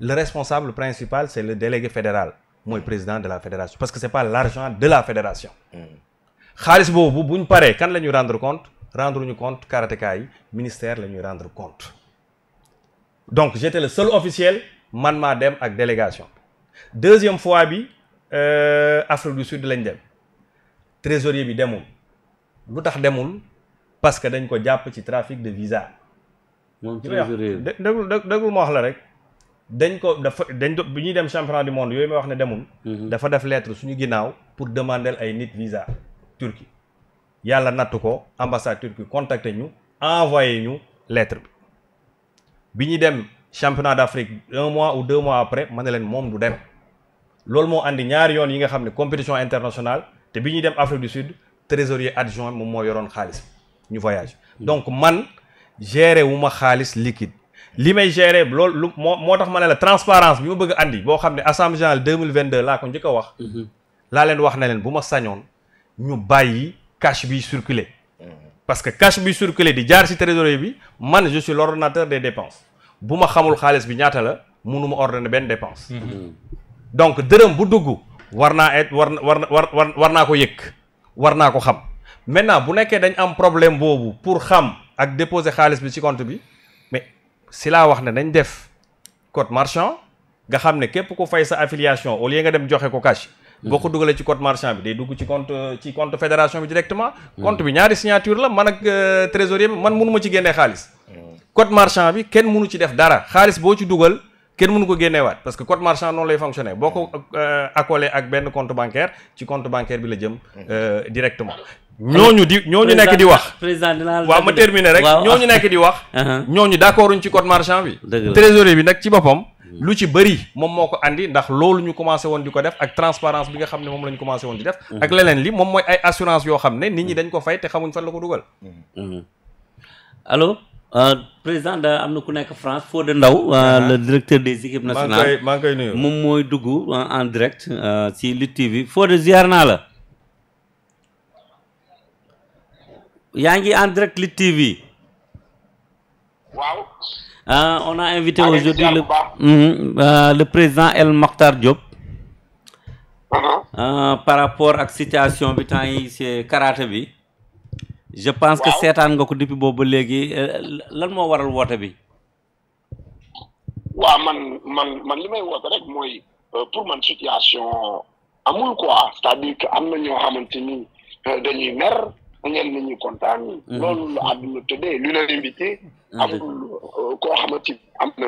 le responsable principal c'est le délégué fédéral mooy président de la fédération parce que c'est pas l'argent de la fédération hmm. xaalis boobu bu ñu paree kan la ñuy rendre compte rendre ñu compte karatéka yi ministère la ñuy rendre compte donc j'étais le seul officiel man maa dem ak délégation deuxième fois bi euh, Afrique du Sud lañ dem trésorier bi demul lu tax demul parce que dañ ko jàpp ci trafic de visa. moom trésorier bi déglu déglu ma wax la rek. dañ ko dafa dañ do bi ñuy dem championnat du monde yooyu may wax ne demul. Mhm. dafa def lettre suñu ginnaaw pour demander ay nit visa Turquie yàlla nattu ko ambassade Turquie contacté ñu envoyé ñu lettre bi bi ñuy dem championnat d'Afrique un mois ou deux mois après ma ne leen moom du dem loolu moo andi ñaari yoon yi nga xam ne compétition internationale te bi ñuy dem Afrique du Sud trésorier adjoint moom moo yoroon xaalis. ñu voyage donc man gérer wu xaalis liquide li may gérer lool lu moo moo tax ma ne la transparence bi ma bëgg a andi boo xam ne assemblée générale 2022 laa ko njëkk a wax mhm. laa leen wax ne leen bu ma sañoon ñu bàyyi cash bi circuler parce que cash bi circuler di jaar ci trésorerie bi man je suis l'ordonnateur des dépenses bu ma xamul xaalis bi ñaata la mënuma ordonner benn dépense mhm. donc dërëm bu dugg war naa et war war war war naa ko yëg war naa ko xam maintenant bu nekkee dañ am problème boobu pour xam ak déposer xaalis bi ci compte bi mais si laa wax ne dañ def code marchand nga xam ne képp ku fay sa affiliation au lieu nga dem joxe ko cash. boo ko mm-hmm. dugalee ci compte marchand bi day dugg ci compte ci compte fédération bi directement. Mm-hmm. compte bi ñaari signature la man ak euh, trésorier bi man mënu ma ci génnee xaalis. Mm-hmm. code marchand bi kenn mënu ci def dara xaalis boo ci dugal. kenn munu ko génneewaat parce que code marchand noonu lay boo ko euh, accolé ak benn compte bancaire ci compte bancaire bi la jëm euh, directement ñooñu di ñooñu nekk di wax président dinaa waaw ma terminer rek ñooñu nekk di wax uh-huh. ñooñu d'accorduñ ci code marchand bi trésorier bi nag ci boppam lu ci bëri moom moo ko andi ndax loolu ñu commencé woon di ko def ak transparence bi nga xam ne moom la ñu commencé woon di def uh-huh. ak leneen li moom mooy ay assurance yoo xam ne nit ñi dañ ko fay te xamuñ fan la ko dugal uh-huh. allo euh, président da am na ku nekk France Fodé Ndaw euh, le directeur des équipes nationales maa ngi koy nuyu moom mooy dugg euh, en direct ci Lutte foo Fodé ziar naa la yaa ngi en direct Lutte TV. waaw. ah on a invité aujourd'hui le mhm, euh, le président El Mokhtar Diop. Mhm. Ah, par rapport ak situation bi taa yi ci karaté bi. je pense que seetaan nga ko depuis boobu ba léegi euh, lan moo waral woote bi. waaw man man man li rek mooy euh, pour man situation amul quoi c'est-à-dire que am na ñoo xamante ni dañuy mer. ñenn ñi kontaan. Mm-hmm. loolu lu àdduna tëddee l'unanimité mm-hmm. amul euh, koo xamante ni am na.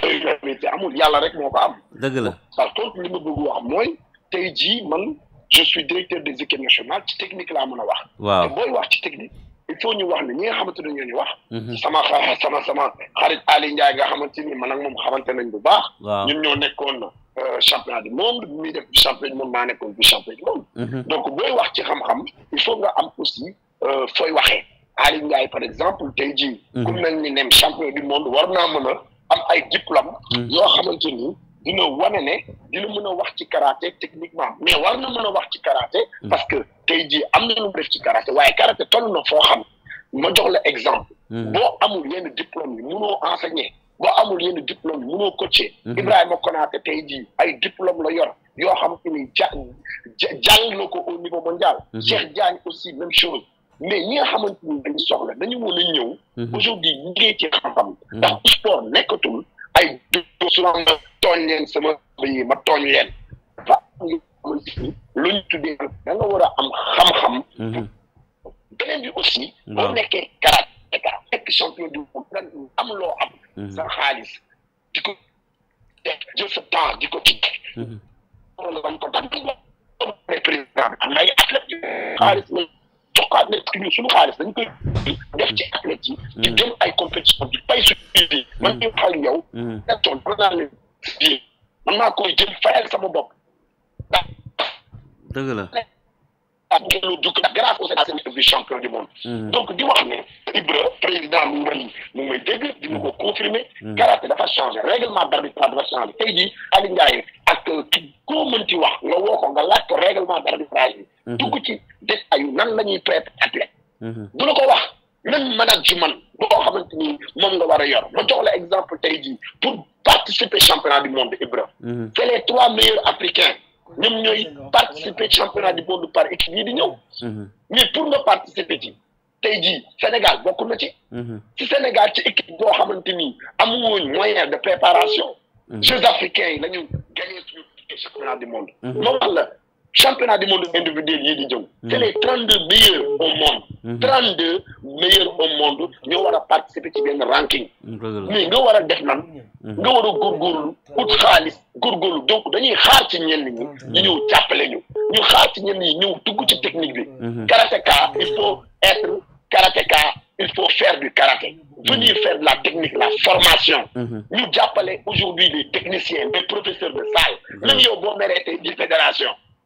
l'unanimité mm-hmm. amul yàlla rek moo ko am. dëgg la par contre li ma bëgg wax mooy tey jii man je suis directeur des équipes nationales ci technique laa mën a wax. waaw wax ci technique. il faut ñu wax ne ñi nga xamante ne ñoo ñu wax. Mhm. sama sama sama xarit Ali Ndiaye nga xamante ni man ak moom xamante nañ bu baax. ñun ñoo nekkoon euh, champion du monde muy def champion du monde maa nekkoon bi champion du monde. Mhm. donc booy wax ci xam-xam il faut nga am aussi euh, fooy waxee Ali Ndiaye par exemple tey jii. Mhm. ku mel ni nem champion du monde war naa mën a am ay diplôme. yoo xamante dina wane ne dina mën a wax ci karaté techniquement mais war na mën a wax ci karaté mm. parce que tey jii am na lu mu def ci karaté waaye karaté toll na foo xam ma jox la exemple mm. boo amul yenn diplôme yi munoo enseigner boo amul yenn diplôme yi munoo coacher mm-hmm. Ibrahima Konaté tey jii ay diplôme la yor yoo xam ni ja jàng na ko au niveau mondial mm-hmm. Cheikh Diagne aussi même chose mais ñi nga xamante ni dañu soxla dañu mën a ñëw mm-hmm. aujourd'hui liggéey ci xam-xam ndax ay sulam ma tooñ leen sama yi ma tooñ leen dafa am luñ tuddee da nga war a am xam-xam mhm. beneen bi aussi boo nekkee karaté ka nekk champion du monde am loo am mhm. sa xaalis di ko jël sa temps di ko ci bañ mhm. ko tax président am nay athlète ah. xaalis jox ko athlète yi suñu xaalis dañ koy def ci athlète yi. di dem ay compétition di fay suñu man mii wax ak yow. émission bi naa leen di man maa koy jël fayal sama bopp. dëgg la. ak jëloon dugg na grâce au Sénégal champion du monde. Mm. donc di wax ne Ibra président mu ngi mu ngi may dégg di ma ko mm. confirmer. Mm. karaté dafa changé réglement a dafa changé tey jii Aliou Ndiaye ak ki wax nga woo ko nga laaj ko règlement d'arbitrage bi. Mhm. dugg ci détail nan la ñuy prêter athlète bu mhm. la ko wax même management boo xamante ni moom nga war a yor ma jox la exemple tey jii pour participer championnat du monde hébreu mhm. c'est les trois meilleurs africains ñoom ñooy participer championnat du monde par équipe yi di ñëw mais pour nga participer ci tey jii Sénégal bokk na ci ci Sénégal ci équipe boo xamante ni amuñu moyen de préparation Jeux africains yi la ñu gagné suñu championnat du monde moom championnat du monde individuel yi di jëm. Mm. c'est les trente deux meilleurs au monde. Mm-hmm. trente deux meilleurs au monde ñoo war a participer ci benn ranking. Mm, mais nga war a def nan. Mm-hmm. nga war a góorgóorlu ut xaalis góorgóorlu donc dañuy xaar ci ñenn ñi. ñu ñëw jàppale ñu ñu xaar ci ñenn ñi ñëw dugg ci technique bi. Mm-hmm. karatéka il faut être karatéka il faut faire du karaté. venir faire de la technique la formation ñu jàppale aujourd'hui les techniciens les professeurs de salle même yow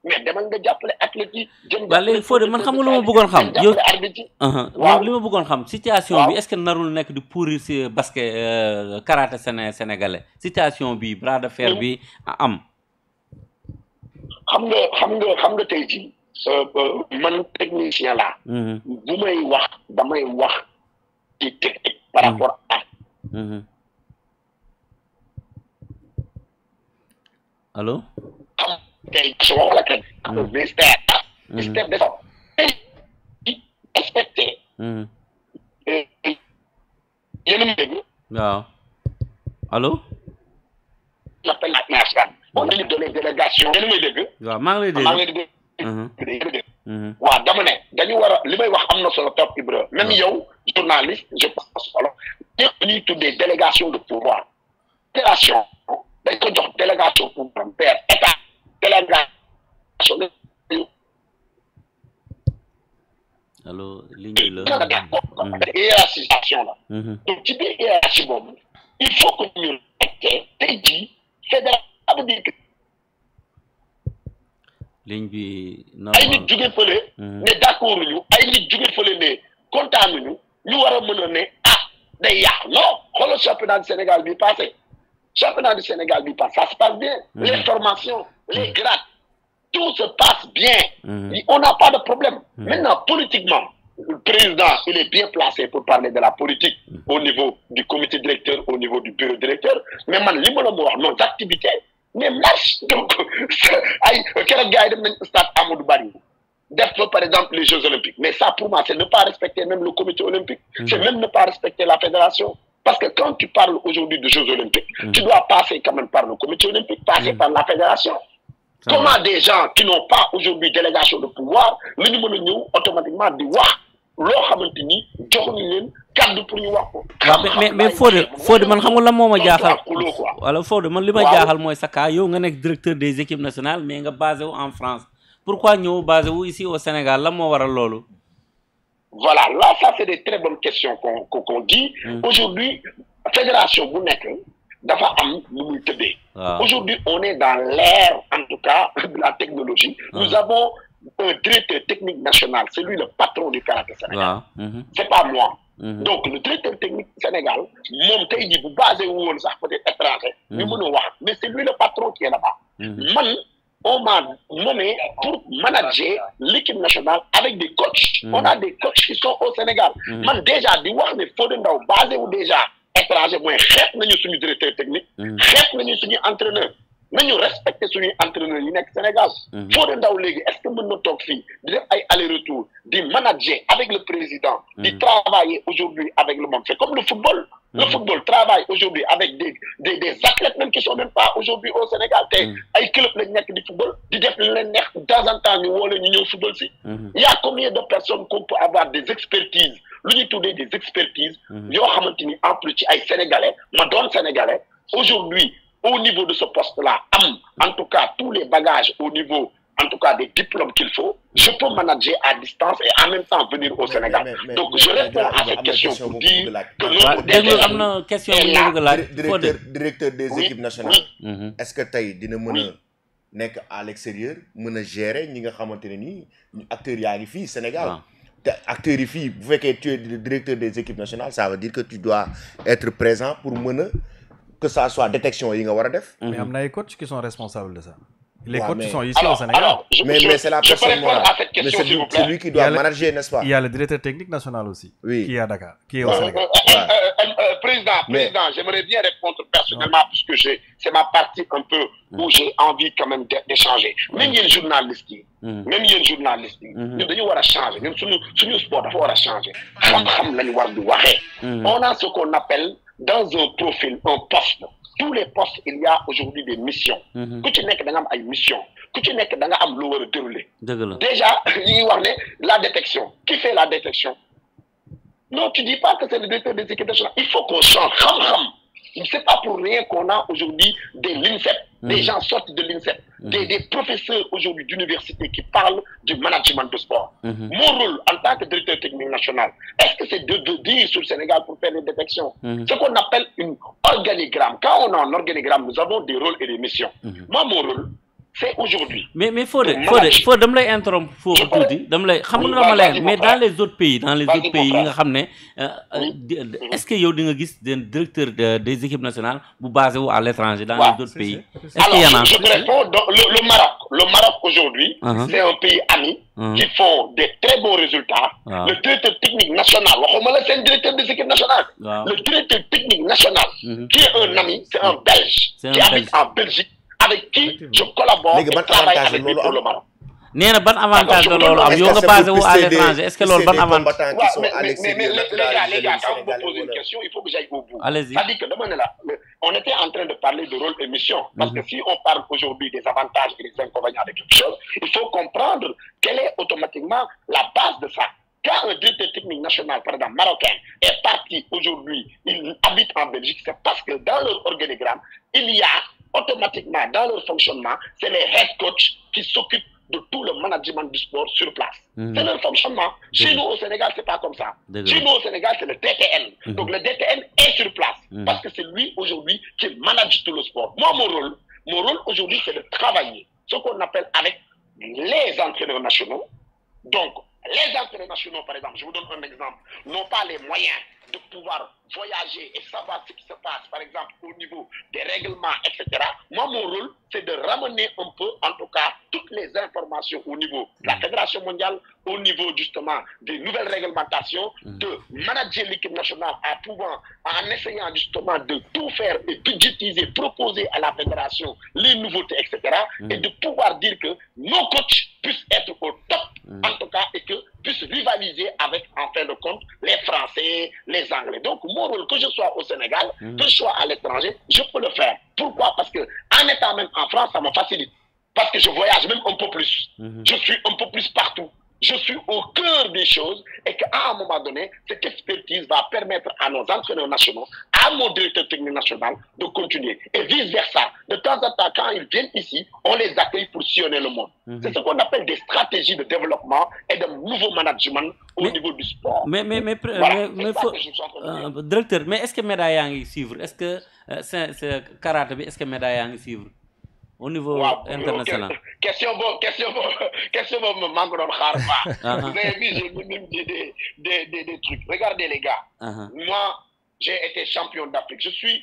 mais demal nga jàppale athlète yi. jëm jàppale léegi Fodé man xam lu ma bëggoon xam. yow uh-huh. waaw li ma bëggoon xam situation bi est que narul nekk di pourrir si basket euh, karaté sénégalais situation bi bras de fer mm. bi am. nga xam nga tey jii. Euh, man mm-hmm. bu may wax damay wax ci technique par mm-hmm. rapport à. Mm-hmm. allo. tey su ma la tey. ministère ah. ministère des fois respecté. yéen a ngi dégg. waaw allo. na appel ak naasaan. on a ñu donné délégation. yéen a ngi dégg. waaw maa ngi lay dégg maa ngi lay dégg. waaw dama ne dañu war a li may wax am na solo top Ibra même yow journaliste je pense alors ñëpp ñuy tuddee délégation de pouvoir délégation dañ ko jox délégation pouvoir vers état. délégation bi. allo ligne bi la. hiérarchisation la. donc ci biir hiérarchie boobu il faut que ñu nekkee tey jii fédéral ab bi ay nit jóge fële. Mhm. ne d'accord ñu ay nit jóge fële ne kontaan ñu ñu war a mën a ne ah day yàq non xoolal championnat du Sénégal bi passé. championnat du Sénégal bi passe ça se passe bien mmh. les formations les mhm. grades tout se passe bien mhm. on n'a pas de problème mmh. maintenant politiquement président il est bien placé pour parler de la politique mhm. au niveau du comité directeur au niveau du bureau directeur mais man li ma la wax nos activités mais marche donc ay keroog gars yi dem nañ stade Amadou Barry def fa par exemple les Jeux olympiques mais ça pour moi c'est ne pas respecter même le comité olympique Parce que quand tu parles aujourd'hui de Jeux Olympiques, mm. tu dois passer quand même par le comité olympique, mm. par la fédération. Ça Comment va. des gens qui n'ont pas aujourd'hui délégation de pouvoir, le niveau de nous, automatiquement, dit loo xamante ni joxuñu leen kàddu pour ñu wax ko. mais mais Fodé Fodé man xam nga moo ma jaaxal. wala Fodé man li ma jaaxal mooy sa cas yow nga nekk directeur des équipes nationales mais nga basé wu en France pourquoi ñëw basé wu ici au Sénégal lan moo waral loolu. voilà là ça c'est des très bonnes questions qu'on qu'on dit. Mm. aujourd'hui fédération bu nekk dafa am lu muy tëddee. Ah. aujourd'hui on est dans l'ère en tout cas de la technologie. Ah. nous avons un directeur technique national c'est lui le patron du karaté sénégal. Ah. Mm-hmm. c'est pas moi. Mm-hmm. donc le directeur technique sénégal moom tey jii bu basé wu woon sax peut-être étranger. Mm-hmm. ñu mën mais c'est le patron qui est là-bas. on m'a nommé pour manager l'équipe nationale avec des coachs. Mm. On a des coachs qui sont au Sénégal. Mm. Man déjà di wax ne Fodé Ndaw basé wu déjà étranger mooy xeet nañu suñu directeur technique. Mm. xeet nañu suñu entraîneur. nañu respecté suñuy entraîneurs yi nekk Sénégal. Mhm. Fodé Ndaw léegi est-ce que mën na toog fii di def ay aller retour di manager avec le président. Mhm. di travailler aujourd'hui avec le monde c'est comme le football. le mhm. football travaille aujourd'hui avec des des des athlètes même qui sont même pas aujourd'hui au Sénégal te ay le lañ nekk di football di def lu leen neex de temps en temps ñu woo leen ñu football si. y a combien de personnes qu'on peut avoir des expertises lu ñuy tuddee yoo xamante ni en ci ay sénégalais ma doon sénégalais aujourd'hui au niveau de ce poste-là, en tout cas tous les bagages au niveau, en tout cas des diplômes qu'il faut, je peux manager à distance et en même temps venir au Sénégal. Mais, mais, Donc je réponds à cette question pour que le directeur, des oui, équipes nationales, oui. Mhm. est-ce que tu dina mëna nekk à l'extérieur mëna gérer ñi nga xamantene ni acteurs yaangi fi Sénégal. Ah. acteurs yi fii bu fekkee tu es directeur des équipes nationales ça veut dire que tu dois être présent pour mën a que ça soit détection yi nga war a def. mais mhm. am na ay coachs qui sont responsables de ça. les coachs sont ici au Sénégal. mais mais c'est la personne morale mais c'est qui doit manager n'est-ce pas. il a aussi. qui est Dakar président j'aimerais bien répondre personnellement puisque c'est ma partie un peu où j'ai envie quand même d'échanger même même yéen journaliste yi. Mhm. Mhm. ñun a changer ñun suñu suñu sport dafa a changer. xam-xam lañu war di waxee. on a ce qu'on dans un profil un poste tous les postes il y a aujourd'hui des missions mhm. ku ci nekk da nga am ay mission ku ci nekk da am lu war a dérouler déjà li wax ne la détection qui fait la détection non tu dis pas que c'est le directeur des équipes il faut qu'on change xam-xam c'est pas pour rien qu'on a aujourd'hui des l'INSEP, mmh. des gens sortent de l'INSEP, mmh. des, professeurs aujourd'hui d'université qui parlent du management de sport. Mmh. Mon rôle en tant que directeur technique national, est-ce que c'est de, de, dire sur Sénégal pour faire une détection mmh. Ce qu'on appelle une organigramme. Quand on a un organigramme, nous avons des rôles et des missions. Mmh. Moi, mon rôle, fait aujourd'hui. mais mais Fodé Fodé Fodé dama lay interrompre foofu tuuti dama lay xam nga dama mais dans les autres pays dans les autres pays nga xam ne euh, euh, euh, est-ce que yow di nga gis des directeur des équipes nationales bu basé wu à l'étranger dans les autres pays est uh-huh. un pays ami uh-huh. qui font des très bons résultats le directeur technique national seen directeur mm-hmm. qui est un ami c'est un mm-hmm. Belge qui habite en Belgique avec qui je collabore léegi ban avantage la loolu am nee na ban avantage la loolu am yow nga basé wu à l'étranger est-ce que loolu ban avantage mais mais mais les une question il faut que j'aille au bout allez que dama ne on était en train de parler de rôle et mission parce que mhm. si on parle aujourd'hui des avantages et des comprendre quelle est automatiquement la base de ça quand un directeur technique national, par exemple, marocain, est parti aujourd'hui, automatiquement dans leur fonctionnement, c'est les head coachs qui s'occupent de tout le management du sport sur place. Mmh. C'est leur fonctionnement. Chez nous au Sénégal, c'est pas comme ça. Chez nous au Sénégal, c'est le DTN. Mhm. Donc le DTN est sur place mhm. parce que c'est lui aujourd'hui qui manage tout le sport. mon rôle, aujourd'hui, c'est de travailler ce qu'on appelle avec les entraîneurs nationaux. Donc, les entraîneurs nationaux, par exemple, je vous donne un exemple, n'ont pas les moyens de pouvoir voyager et savoir ce qui se passe, par exemple, au niveau des règlements, etc. Moi, mon rôle, c'est de ramener un peu, en tout cas, toutes les informations au niveau de la mm. Fédération mondiale, au niveau, justement, des nouvelles réglementations, mm. de manager l'équipe nationale en pouvant, en essayant, justement, de tout faire et budgétiser, proposer à la Fédération les nouveautés, etc. Mm. Et de pouvoir dire que nos coachs puissent être au top, en tout cas, et puisse rivaliser avec, en fin de compte, les Français, les Anglais. Donc, mon rôle, que je sois au Sénégal, mmh. que je sois à l'étranger, je peux le faire. Pourquoi Parce que en étant même en France, ça me facilite. Parce que je voyage même un peu plus. Mm-hmm. Je suis un peu plus partout. je suis au cœur des choses et qu'à un moment donné, cette expertise va permettre à nos entraîneurs nationaux, à mon technique national de continuer. Et vice-versa, de temps en temps, quand ils viennent ici, on les accueille pour sillonner le monde. Mm -hmm. C'est ce qu'on appelle des stratégies de développement et de nouveau management au mais, niveau du sport. Mais, mais, mais, voilà, mais faut, euh, directeur, mais est-ce que Meda Yang suivre Est-ce que euh, c'est, est, ce que Meda Yang suivre au niveau international question boobu question boobu question boobu maa ngi doon xaar baax. Ah, ah. vous avez vu même des des des des trucs regardez les gars. Ah, moi j'ai été champion d'Afrique je suis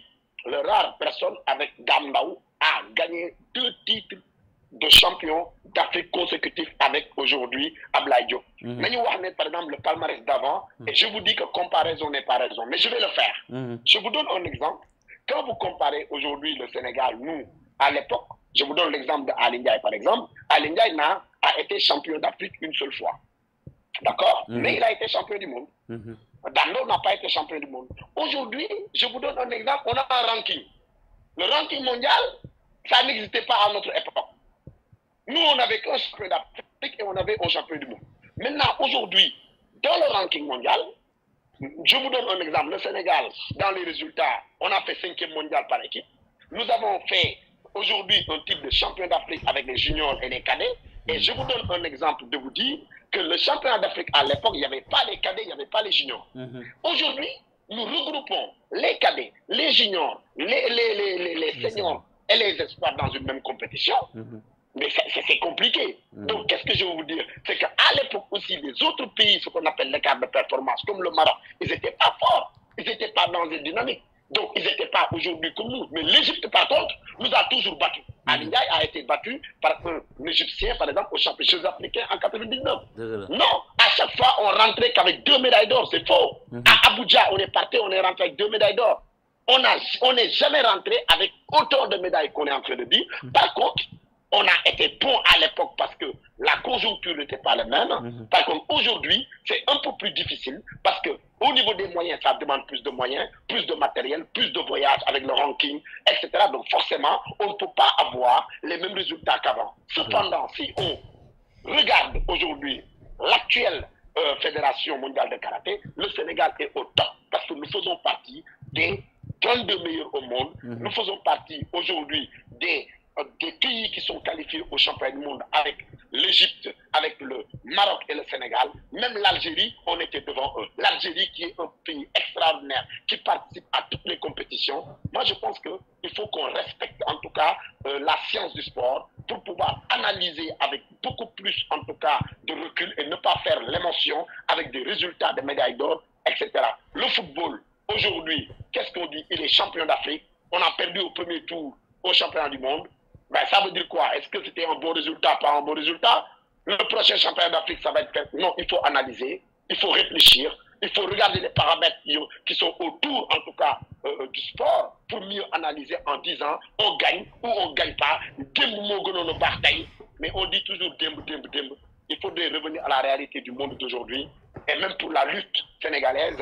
le rare personne avec Dame Ndao à gagner deux titres de champion d'Afrique consécutifs avec aujourd'hui Ablaye Diop. nañu mm-hmm. wax ne par exemple le palmarès d'avant. Mm. et je vous dis que comparaison n'est pas raison mais je vais le faire. Mm-hmm. je vous donne un exemple quand vous comparez aujourd'hui le Sénégal nous à l'époque Je vous donne l'exemple de par exemple. Ali Ndiaye a, été champion d'Afrique une seule fois. D'accord mhm. Mais il a été champion du monde. Mhm. Dando n'a pas été champion du monde. Aujourd'hui, je vous donne un exemple. On a un ranking. Le ranking mondial, ça n'existait pas à notre époque. Nous, on n'avait qu'un champion d'Afrique et on avait un champion du monde. Maintenant, aujourd'hui, dans le ranking mondial, je vous donne un exemple. Le Sénégal, dans les résultats, aujourd'hui un titre de champion d'Afrique avec les juniors et les cadets. Et je vous donne un exemple de vous dire que le championnat d'Afrique, à l'époque, il n'y avait pas les cadets, il n'y avait pas les juniors. Mmh. Aujourd'hui, nous regroupons les cadets, les juniors, les, les, les, les seniors et les espoirs dans une même compétition. Mhm. Mais c'est compliqué. Mhm. Donc, qu'est-ce que je vous dire C'est qu'à l'époque aussi, les autres pays, ce qu'on appelle comme le Maroc, ils n'étaient Donc, ils n'étaient pas aujourd'hui comme nous. Mais l'Égypte, par contre, nous a toujours battus. Mm. Ali a été battu par exemple, aux championnats africains en Non, à chaque fois, on rentrait qu'avec deux médailles d'or, c'est faux. Mm-hmm. À Abuja, on est parti, on est rentré avec deux médailles d'or. On n'est jamais rentré avec autant de médailles qu'on est en train de dire. Mm-hmm. Par contre, on a été bon à l'époque parce que la conjoncture n'était pas la même. Mm-hmm. Par contre, parce que Au niveau des moyens, ça demande plus de moyens, plus de matériel, plus de voyages avec le ranking, etc. Donc forcément, on ne peut pas avoir les mêmes résultats qu'avant. Cependant, si on regarde aujourd'hui l'actuelle euh, Fédération mondiale de karaté, le Sénégal est au parce que nous faisons partie des 32 meilleurs au monde. Mm-hmm. Nous faisons partie aujourd'hui des Euh, des pays qui sont qualifiés au championnat du monde avec l'Égypte, avec le Maroc et le Sénégal, même l'Algérie, on était devant eux. L'Algérie qui est un pays extraordinaire, qui participe à toutes les compétitions. Moi, je pense qu'il faut qu'on respecte en tout cas euh, la science du sport pour pouvoir analyser avec beaucoup plus en tout cas de recul et ne pas faire l'émotion avec des résultats des médailles d'or, etc. Le football, aujourd'hui, qu'est-ce qu'on dit Il Ben, ça veut dire quoi Est-ce que c'était un bon résultat, pas un bon résultat Le prochain championnat d'Afrique, ça va être fait. Non, il faut analyser, il faut réfléchir, il faut regarder les paramètres qui sont autour, en tout cas, euh, euh, du sport, pour mieux analyser en disant on gagne ou on ne gagne pas. Mais on dit toujours demb, demb, demb. Il faudrait revenir à la réalité du monde d'aujourd'hui et même pour la lutte sénégalaise.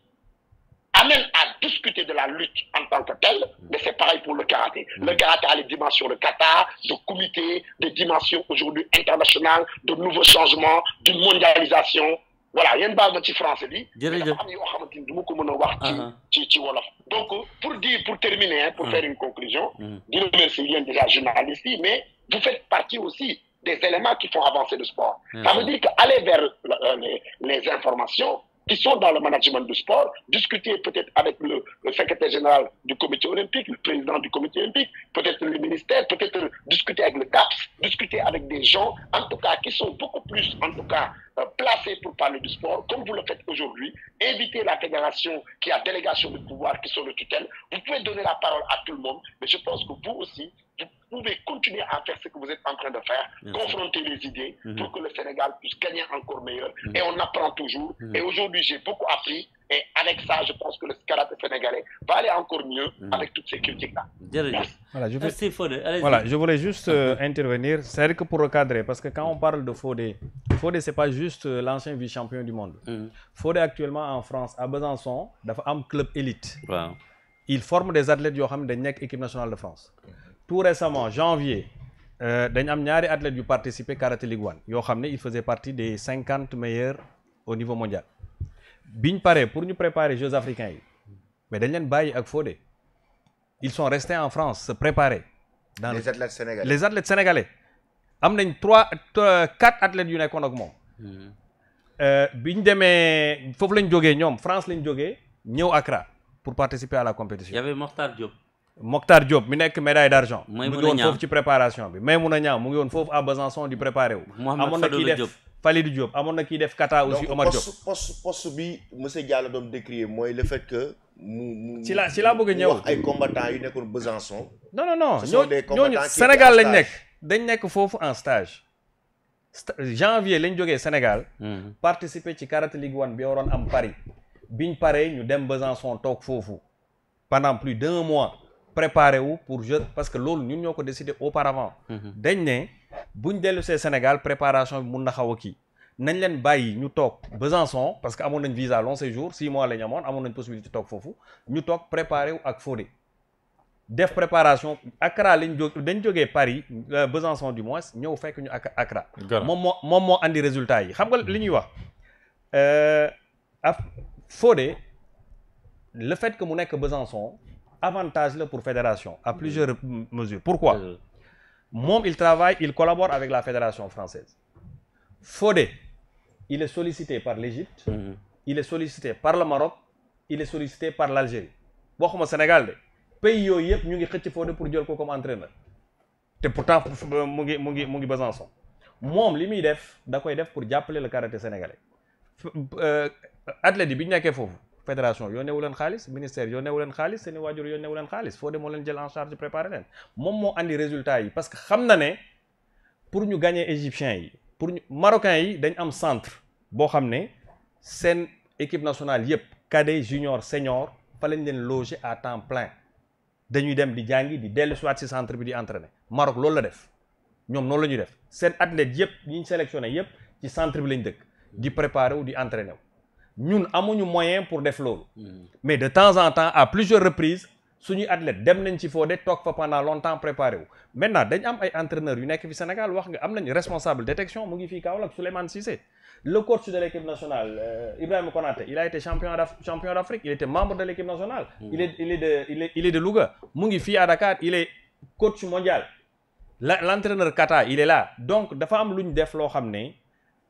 amène à discuter de la lutte en tant que telle, mais c'est pareil pour le karaté. Mm. Le karaté a les dimensions de Qatar, de comité, des dimensions aujourd'hui internationales, de nouveaux changements, d'une mondialisation. voilà yéen baal ma ci français bi. jërëjëf dafa am yoo xamante ni du ko mën a wax. ci ah, ah. ci ci donc pour dire pour terminer. pour ah. faire une conclusion. Mm. di remercier yéen déjà journalistes mais vous faites partie aussi des éléments qui font avancer le sport. Mm. ça veut dire que aller vers euh, les informations. qui sont dans le management du sport, discuter peut-être avec le, le, secrétaire général du comité olympique, le président du comité olympique, peut-être le ministère, peut-être discuter avec le CAPS, discuter avec des gens, en tout cas, qui sont beaucoup plus, en tout cas, Euh, placé pour parler du sport, comme vous le faites aujourd'hui, évitez la fédération qui a délégation de pouvoir, qui sont le tutelle. Vous pouvez donner la parole à tout le monde, mais je pense que vous aussi, vous pouvez continuer à faire ce que vous êtes en train de faire, Merci. confronter les idées mhm. pour que le Sénégal puisse gagner encore meilleur. Mm -hmm. Et on apprend toujours. Mhm. Et aujourd'hui, j'ai beaucoup appris Et avec ça, je pense sénégalais va aller encore mieux mhm. avec toutes ces critiques-là. Voilà, je, voulais juste euh, intervenir. C'est pour recadrer, parce que quand on parle de Fodé, Fodé, c'est pas juste euh, l'ancien vice-champion du monde. Mmh. actuellement en France, à Besançon, dafa am club élite. Wow. Il forme des athlètes yoo xam ne dañ nekk équipe nationale de France. Tout récemment, janvier, euh, dañ am ñaari athlètes yu participer Karaté yoo xam ne il faisait partie des cinquante meilleurs au niveau mondial. bi ñ paree pour ñu préparer Jeux africains yi mais dañ leen bàyyi ak Fodé ils sont restés en France se préparer. dans les athlètes sénégalais les athlètes sénégalais am nañ trois quatre athlètes yu nekkoon ak moom. Hmm. Euh, biñ demee foofu lañ jógee ñoom France lañ jógee ñëw Accra pour participer à la compétition. y avait Mokhtar Diop. Mokhtar Diop mi nekk médaille d'argent. mu ngi woon foofu ci préparation bi. Maïmouna Niang mu ngi woon foofu à Besançon di préparer wu. Falidou Diop amoon na kiy def kata aussi Omar Diop donc poste poste bi monsieur Diallo doon décrier mooy le fait que. ci la ci laa bëgg ñëw wax ay combattants yu nekkoon Besançon. non non non ñooñu Sénégal lañ nekk. dañ nekk foofu en stage. janvier lañ jógee Sénégal. Hmm. participer ci Karate League One bi waroon am Paris. biñ paree ñu dem Besançon toog foofu. pendant plus d'un mois. préparer wu pour jeu parce que loolu ñun ñoo ko décider auparavant. Mhm. dañ ne buñ dellu see Sénégal préparation bi mun na xaw a kii nañ leen bàyyi ñu toog Besançon parce que amoon nañ visa lon séjour six mois la ñu amoon amoon nañ possibilité toog foofu ñu toog préparer wu ak Fodé. def préparation Accra lañ jóg dañ jógee Paris euh, Besançon du moins ñëw fekk ñu ak Accra. moom moo moom moo andi résultat yi xam nga li ñuy wax. Euh, af Fodé le fait que mu nekk Besançon avantage la pour fédération à plusieurs mesures pourquoi euh. moom il travaille il collabore avec la fédération française Fodé il est solicité par l'Égypte mm-hmm. il est solicité par le Maroc il est sollicité par l'Algérie waxuma Sénégal de pays yooyu yëpp ñu ngi xëcc Fodé pour jël ko comme entraîneur te pourtant mu ngi mu ngi mu ngi Besançon moom li muy def da koy def pour jàppale le karaté sénégalais euh, athlète yi bi ñu nekkee foofu fédération yónneewu leen xaalis ministère yónneewu leen xaalis seeni waajur yónneewu leen xaalis Fodé moo leen jël en charge préparé leen moom moo andi résultat yi parce que xam na ne pour ñu gagner égyptiens yi pour ñu marocains yi dañu am centre boo xam ne seen équipe nationale yëpp cadet junior senior fa lañ leen loger à temps plein dañuy dem di jàngi di dellu soit ci centre bi di entraîner Maroc loolu la def ñoom noonu la ñuy def seen athlètes yëpp ñi ñu sélectionné yëpp ci centre lañ dëkk di wu di entraîner ñun amuñu moyen pour def loolu mhm. mais de temps en temps à plusieurs reprises suñuy athlète dem nañ ci Fodé toog fa pendant longtemps préparé wu maintenant dañ am ay entraîneurs yu nekk fi Sénégal wax nga am nañu responsable détection mu ngi fii Kaolack Souleymane Cissé le coach de l'équipe nationale euh, Ibrahima Konaté il a été champion d'Afrique il était membre de l'équipe nationale mhm. il est il est de il est, il Louga mu ngi fii à Dakar il est coach mondial l'entraîneur Kata il est là donc dafa am lu ñu def loo xam ne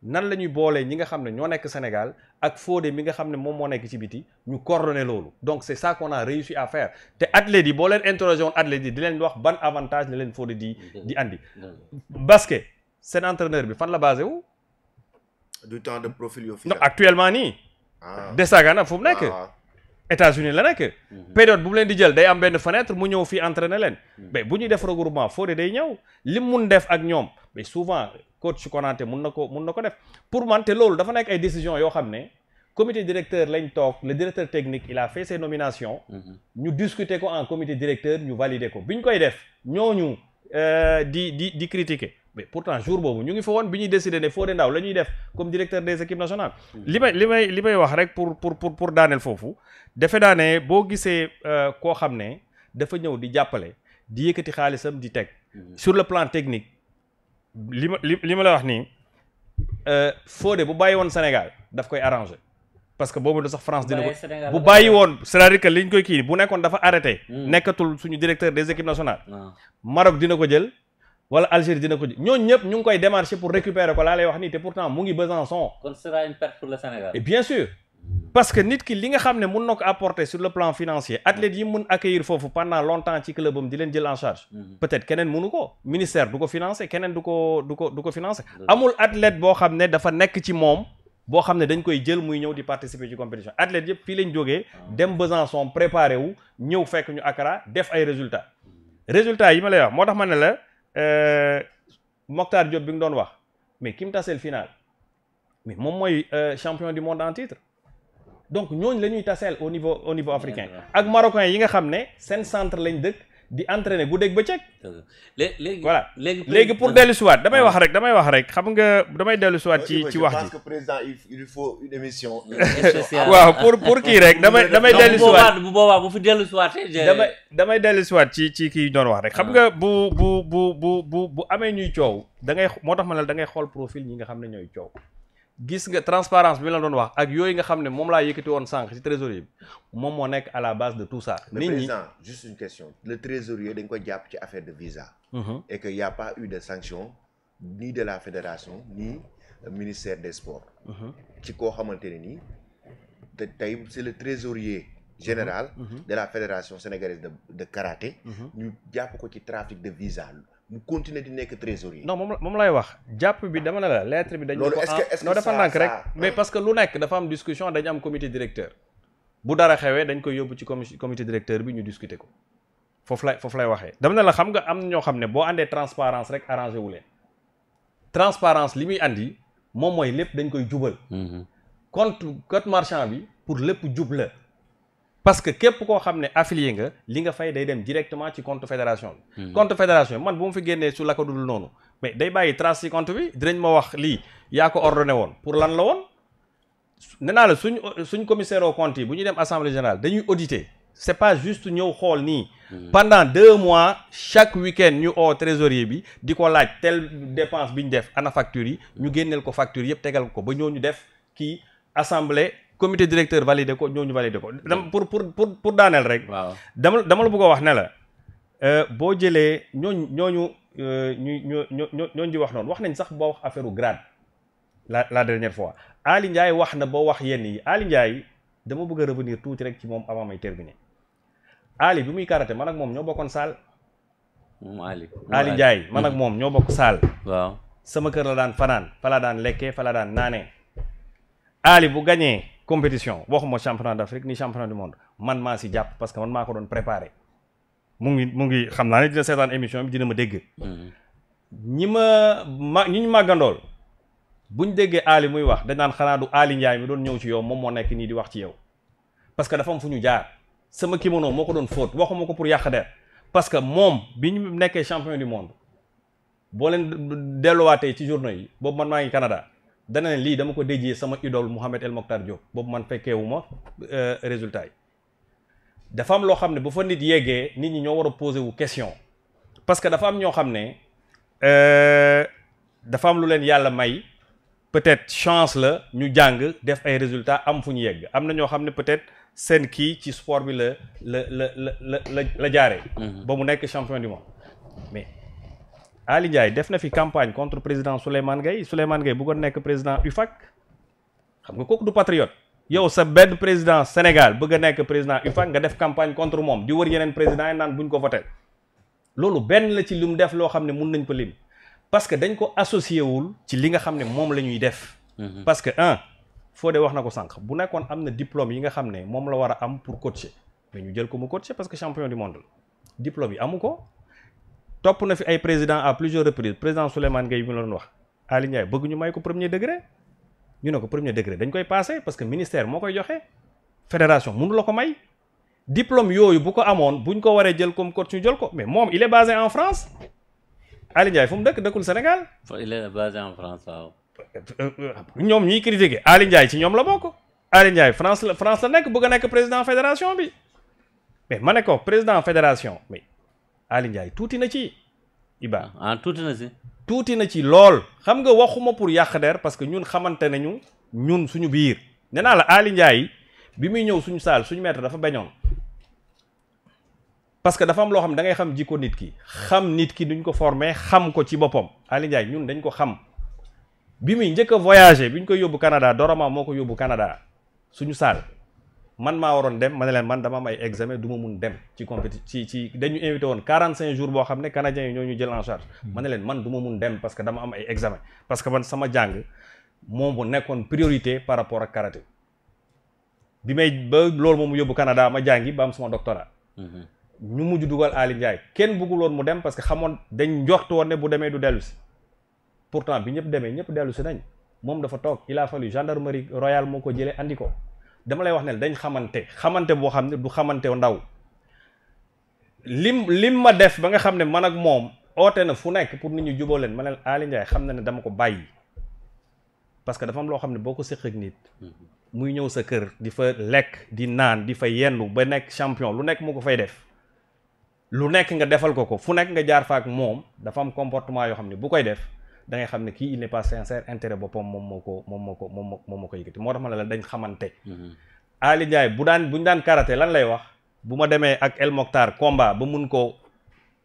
nan la ñuy boolee ñi nga xam ne ñoo nekk Sénégal ak Fodé mi nga xam ne moom moo nekk ci biti ñu coordonné loolu donc c'est ça qu'on a réussi à faire te athlètes yi boo leen interrogé woon athlètes di leen wax ban avantage la leen Fodé di di andi. basket seen entraîneur bi fan la basé wu. du temps de profil yo actuellement nii. Ah. Desagana fu mu nekk. Ah. États-Unis la nekk. Mhm. période bu mu leen di jël day am benn fenêtre mu ñëw fii entraîner leen. Mhm. mais bu ñuy def regroupement Fodé day ñëw li mun def ak ñoom mais souvent coach Konaté mun na ko mun na ko def pour man te loolu dafa nekk ay décision yoo xam ne comité directeur lañ toog la directeur technique il a fait ses nominations. Mhm. ñu discuter ko en comité directeur ñu valider ko bi ñu koy def ñooñu euh, di di di critiquer. mais pourtant jour boobu ñu ngi fa woon bi ñuy décider ne Fodé Ndaw la ñuy def comme directeur des équipes nationales. li may li may li may wax rek pour pour pour pour daaneel foofu defe naa ne boo gisee euh, koo xam ne dafa ñëw di jàppale di xaalisam di teg. Mm-hmm. sur le plan technique li ma li ma la wax nii euh, Fodé bu bàyyi woon Sénégal daf koy arrangé. parce que boobu da sax France dina ko bu bàyyi woon c'est-à-dire que liñ kii bu nekkoon dafa arrêté. Mm. nekkatul suñu directeur des équipes nationales. Mm. Maroc dina ko jël. wala Algérie dina ko ji ñooñu ñëpp ñu ngi koy démarché pour récupérer ko laa lay wax nii te pourtant mu ngi Besançon. bien sûr parce que nit ki li nga xam ne mun na ko apporter sur le plan financier athlètes yi mun accueillir foofu pendant longtemps ci club am di leen jël en charge. Mhm. peut keneen munu ko ministère du ko financer keneen du ko du ko du ko financer. amul athlète boo xam ne dafa nekk ci moom. boo xam ne dañ koy jël muy ñëw di participer ci compétition athlète yëpp fii lañ jógee ah. dem Besançon préparé wu ñëw fekk ñu Accra def ay résultats résultats yi ma lay wax moo tax ma ne la. Euh, Mokhtar Diop bi nga doon wax mais ki mu taseel final mais moom mooy euh, champion du monde en titre donc ñooñu la ñuy taseel au niveau au niveau africain ak marocain yi nga xam ne seen centre lañ dëkk di entraîner guddeeg bëccëg. léegi voilà léegi pour dellu si damay wax ah. rek damay wax rek xam nga damay dellu si ci ci wax ji. je pense il faut émission. waaw pour pour kii rek damay damay dellu si waat bu boobaa bu fi dellu si eh, damay dellu si ci ci kii doon wax rek. xam ah. nga bu bu bu bu bu bu amee ñuy coow da ngay moo tax ma ne da ngay xool profil ñi nga xam ne ñooy coow. gis nga transparence bi la doon wax ak yooyu nga xam ne moom laa yëkkati woon sànq ci trésorier bi moom moo nekk à la base de tout ça. nit ñi juste une question le trésorier dañ ko jàpp ci affaire de visa. Mhm. et que y' pas eu de sanction ni de la fédération ni ministère de sports. Mhm. ci koo xamante ne nii te tey c' est le trésorier. général. Mhm. de la fédération sénégalaise de de karaté. ñu jàpp ko ci trafic de visa. mu continuer di nekk trésorier. non moom moom lay wax jàpp bi dama ne la lettre bi. dañ ko en non dafa nànk rek. mais parce que lu nekk dafa am discussion dañu am comité directeur. bu dara xewee dañ koy yóbbu ci comité directeur bi ñu discuter ko foofu lay foofu lay waxee. dama ne la xam nga am ñoo xam ne boo àndee transparence rek arrangé wu leen transparence li muy andi moom mooy lépp dañ koy jubal. Mm-hmm. compte code marchand bi pour lépp jub la. parce que képp koo xam ne affilié nga li nga fay day dem directement ci compte fédération bi. Hmm. compte fédération bi man bu mu fi génnee su la ko dul noonu mais day bàyyi trace ci compte bi dinañ ma wax lii yaa ko ordonné woon pour lan la woon. ne naa la suñ suñ commissaire au compte yi bu ñu dem assemblée générale dañuy auditer c' est pas juste ñëw xool nii. Hmm. pendant deux mois chaque week-end ñu oo trésorier bi di ko laaj telle dépense bi ñu def ana facture yi. ñu génneel ko facture yëpp tegal ko ba ñoo ñu def kii assemblée. comité directeur validé ko ñooñu validé ko. dama pour pour pour pour daaneel rek. waaw dama dama la bëgg wax ne la. Euh, boo jëlee ñooñu ñooñu euh, ñu ñu ñooñu di wax noonu wax nañ sax boo wax affaire grade la la dernière fois Ali Ndiaye wax na boo wax yenn yi Ali Ndiaye dama bëgg a tuuti rek ci moom avant may terminer Ali bi muy karaté man ak moom ñoo bokkoon saal. moom Ali Ali Ndiaye ak moom ñoo bokk saal. waaw sama kër la daan fanaan fa la daan lekkee fa la daan naanee. Ali bu gañee compétition waxuma championnat d'Afrique ni championnat du monde man maa si jàpp parce que man maa ko doon préparé mu ngi mu ngi xam naa ne dina seetaan émission bi dina ma dégg. ñi ma ma ñi ñu màggandool buñ déggee Ali muy wax dañ naan xanaa du Ali Ndiaye mi doon ñëw ci yow moom moo nekk nii di wax ci yow parce que dafa am fu ñu jaar sama kimono moo ko doon fóot waxuma ko pour yàq der parce que moom bi ñu nekkee champion du monde boo leen delluwaatee ci yi dana ne lii dama ko déjee sama idole Mouhamed El Mokhtar Diop boobu man fekkeewu ma euh, résultat yi dafa am loo xam ne bu fa nit yeggee nit ñi ñoo war a posé wu question parce que dafa am ñoo xam ne euh, dafa am lu leen yàlla may peut-être chance la ñu jàng def ay résultats am fu ñu yegg am na ñoo xam ne peut-être seen kii ci sport bi la la la la la jaaree. Mm-hmm. ba mu nekk champion du monde Ali Ndiaye def na fi campagne contre président Souleymane Gueye Souleymane Gueye bëggoon nekk président UFAC xam nga kooku du patriot yow sa benn président Sénégal bëgg a nekk président UFAC nga def campagne contre moom di war yeneen président yi naan buñ ko voté loolu benn la ci li mu def loo xam ne mun nañ ko lim parce que dañ ko associé wul ci li nga xam ne moom la ñuy def. Mhm. parce que un Fodé wax na ko sànq bu nekkoon am na diplôme yi nga xam ne moom la war a am pour coacher ñu jël ko mu coacher parce que champion du monde la diplôme yi amu ko. topp na fi ay président à plusieurs reprises président Souleymane Gueye mi loon wax Ali Ndiaye bëgg ñu may ko premier degré ñu ne ko premier degré dañ koy passé parce que ministère moo koy joxe fédération mënu la ko may diplôme yooyu bu ko amoon bu buñ ko waree jël comme coach ñu jël ko mais moom il est basé en France Ali Ndiaye fu mu dëkk dëkkul Sénégal. il en ñoom ñuy critiqué Ali Ndiaye ci ñoom la bokk Ali Ndiaye France la France la nekk bëgg a nekk président fédération bi mais ma ne président fédération mais. Aly Ndiaye tuuti na ci Iba ah, ah tuuti na ci tuuti na ci lool xam nga waxuma pour yàq der parce que ñun xamante nañu ñun suñu biir nee naa la Aly Ndiaye bi muy ñëw suñu saal suñu maître dafa bañoon parce que dafa am loo xam da ngay xam jikko nit ki xam nit ki duñ ko formé xam ko ci boppam Aly Ndiaye ñun dañ ko xam bi muy njëkk a voyagé bi ñu koy yóbbu Canada dorama moo ko yóbbu Canada suñu saal man maa waroon dem ma ne leen man dama am ay examen du ma mun dem ci compéti ci ci dañu invité woon quarante cinq jours boo xam ne canadiens yi ñoo ñu jël en charge hmm. ma ne leen man du ma mun dem parce que dama am ay examen parce que man sama jàng moom bu nekkoon priorité par rapport ak karaté bi may ba loolu moom mu yóbbu Canada ma jàngi ba am sama doctorat hmm. ñu mujj dugal Aly Ndiaye kenn bëgguloon mu dem parce que xamoon dañ njort woon ne bu demee du dellu si pourtant bi ñëpp demee ñëpp dellu si nañ moom dafa toog il a fallu gendarmerie royale moo ko jëlee andi ko dama lay wax ne dañ xamante xamante boo xam ne du xamante ndaw lim lim ma def ba nga xam ne man ak moom oote na fu nekk pour nit ñu juboo leen ma ne Aly Ndiaye xam na ne dama ko bàyyi parce que dafa am loo xam ne boo ko séq ak nit muy ñëw sa kër di fa lekk di naan di fa yendu ba nekk champion lu nekk mu ko fay def lu nekk nga defal ko ko fu nekk nga jaar fa ak moom dafa am comportement yoo xam ne bu koy def da ngay xam ne kii il n'est pas sincère intérêt boppam moom moo ko moom moo ko moom moom moo ko yëkkati moo tax ma ne la dañ xamante mm-hmm. Ali Ndiaye bu daan bu ñu daan karaté lan lay wax bu ma demee ak El Mokhtar combat ba mun ko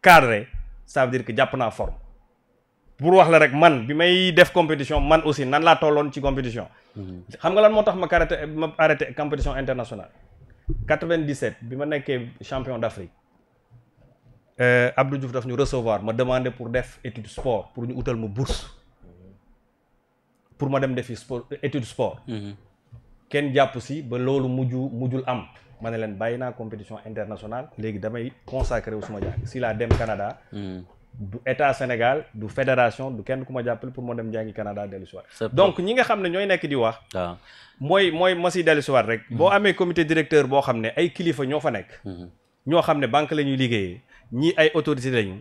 cadré ça veut dire que jàpp naa forme pour wax la rek man bi may def compétition man aussi nan laa tolloon ci compétition mm-hmm. xam nga lan moo tax ma karaté ma arrêté compétition internationale 97 bi ma nekkee champion d'Afrique Euh, Abdou Diouf daf ñu recevoir ma demandé pour def étude sport pour ñu utal ma bourse pour ma dem defi sport étude sport mhm. kenn jàpp si ba loolu mujju mujjul am ma ne leen bàyyi naa compétition internationale léegi damay consacré wu suma si laa dem Canada mhm. du état Sénégal du fédération du kenn ku ma jàppale pour moo dem jàngi Canada dellu si waat donc ñi nga xam ne ñooy nekk di wax ah. mooy mooy ma si dellu si rek boo mhm. amee commité directeur boo xam ne ay kilifa ñoo fa nekk ñoo xam ne banque la ñuy liggéeyee ñii ay autorité lañu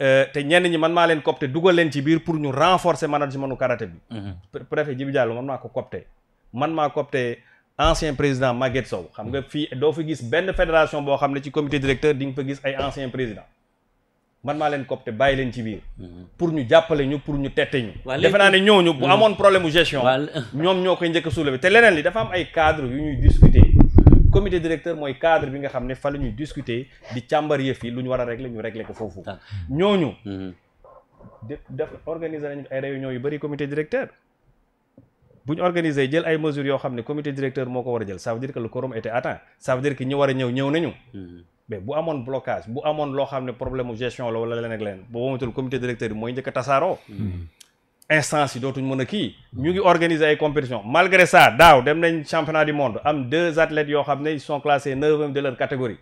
euh, te ñenn ñi man maa leen copté dugal leen ci biir pour ñu renforcer management nu karaté bi. Mhm. préfet Djibi Diallo man maa ko copté. man maa copté ancien président Maguette Sow xam nga mhm. fii doo fi gis benn fédération boo xam ne ci comité directeur di nga fa gis ay ancien président man maa leen copté bàyyi leen ci biir. Mhm. pour ñu jàppale ñu pour ñu tette ñu. defe naa ne ñooñu bu amoon problème mu gestion. ñoom ñoo koy njëkk a soulever te leneen li dafa am ay cadre yu ñuy discuter. comité directeur mooy cadre bi nga xam ne fa la ñuy discuter di càmbar yëf yi lu ñu war a régler ñu régler ko foofu. Ah. ñooñu. Mm-hmm. def organiser nañu ay réunion yu bëri comité directeur. bu ñu organiser jël ay mesures yoo xam ne comité directeur moo ko war a jël ça veut dire que le quorum était atteint ça dire que ñi war a ñëw ñëw nañu. Mm-hmm. mais bu amoon blocage bu amoon loo xam ne problème mu gestion la wala leneen leen leneen boo moytuwul comité directeur bi mooy njëkk a instance yi dootuñ mën a kii ñu ngi organiser ay compétition malgré ça daaw dem nañ championnat du monde am deux athlètes yoo xam ne ils sont classés neuvième de leur catégorie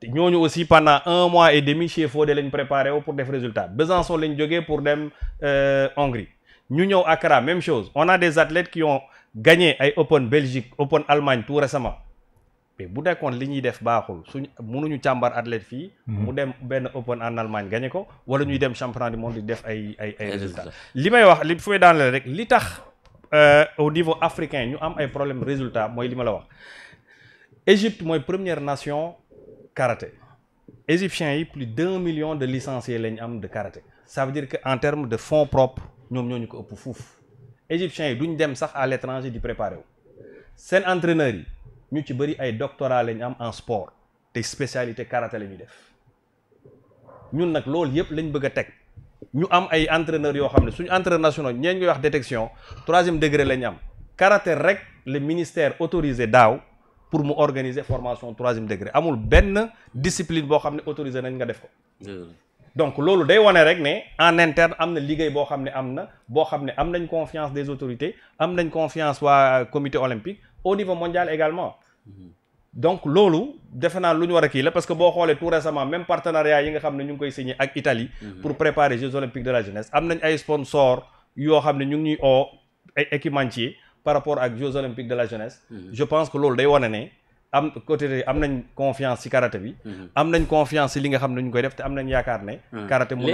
te ñooñu aussi pendant un mois et demi chez Fodé lañ préparé wu pour def résultat Besançon lañ jógee pour dem euh, Hongrie ñu ñëw Accra même chose on a des athlètes qui ont gagné ay Open Belgique Open Allemagne tout récemment bu nekkoon li ñuy def baaxul suñ munuñu càmbar athlète fii hmm. mu dem benn open en Allemagne gagné ko wala ñuy dem championnat du monde di def ay ay ay résultat li may wax li fu may daanale rek li tax euh, au niveau africain ñu am ay problème résultat mooy li ma la wax Égypte mooy première nation karaté égyptiens yi plus d'un million de licenciés lañ am de karaté ça veut dire que en termes de fonds propres ñoom ñoo ñu ko ëpp fuuf égyptiens yi duñ dem sax à l'étranger di préparer seen entraîneurs yi ñu ci bëri ay doctorat lañ am en sport te spécialité karaté la def ñun nag loolu yëpp lañ bëgg a teg ñu am ay entraîneurs yoo xam ne suñu entraîneurs nationaux ñeen ñuy wax détection troisième degré lañ am karaté rek le ministère autorisé daaw pour mu organiser formation troisième degré amul benn discipline boo xam ne autorisé nañ nga def ko. donc loolu day wane rek ne en interne am na liggéey boo xam ne am na boo xam ne am nañ confiance des autorités am nañ confiance waa comité olympique. au niveau mondial également. Mhm. donc loolu defe naa lu ñu war a kii la parce que boo xoolee tout récemment même partenariat yi nga xam ne ñu ngi koy signé ak Italie. Mhm. pour préparer Jeux olympiques de la jeunesse am nañ ay sponsors yoo xam ne ñu ngi ñuy oo ay équipementiers par rapport ak Jeux olympiques de la jeunesse. Mhm. je pense que loolu day wane ne. am côté am nañ confiance ci karaté bi. Mhm. am nañ confiance ci li nga xam ne ñu koy def te am nañ yaakaar ne. Mhm. karaté mën na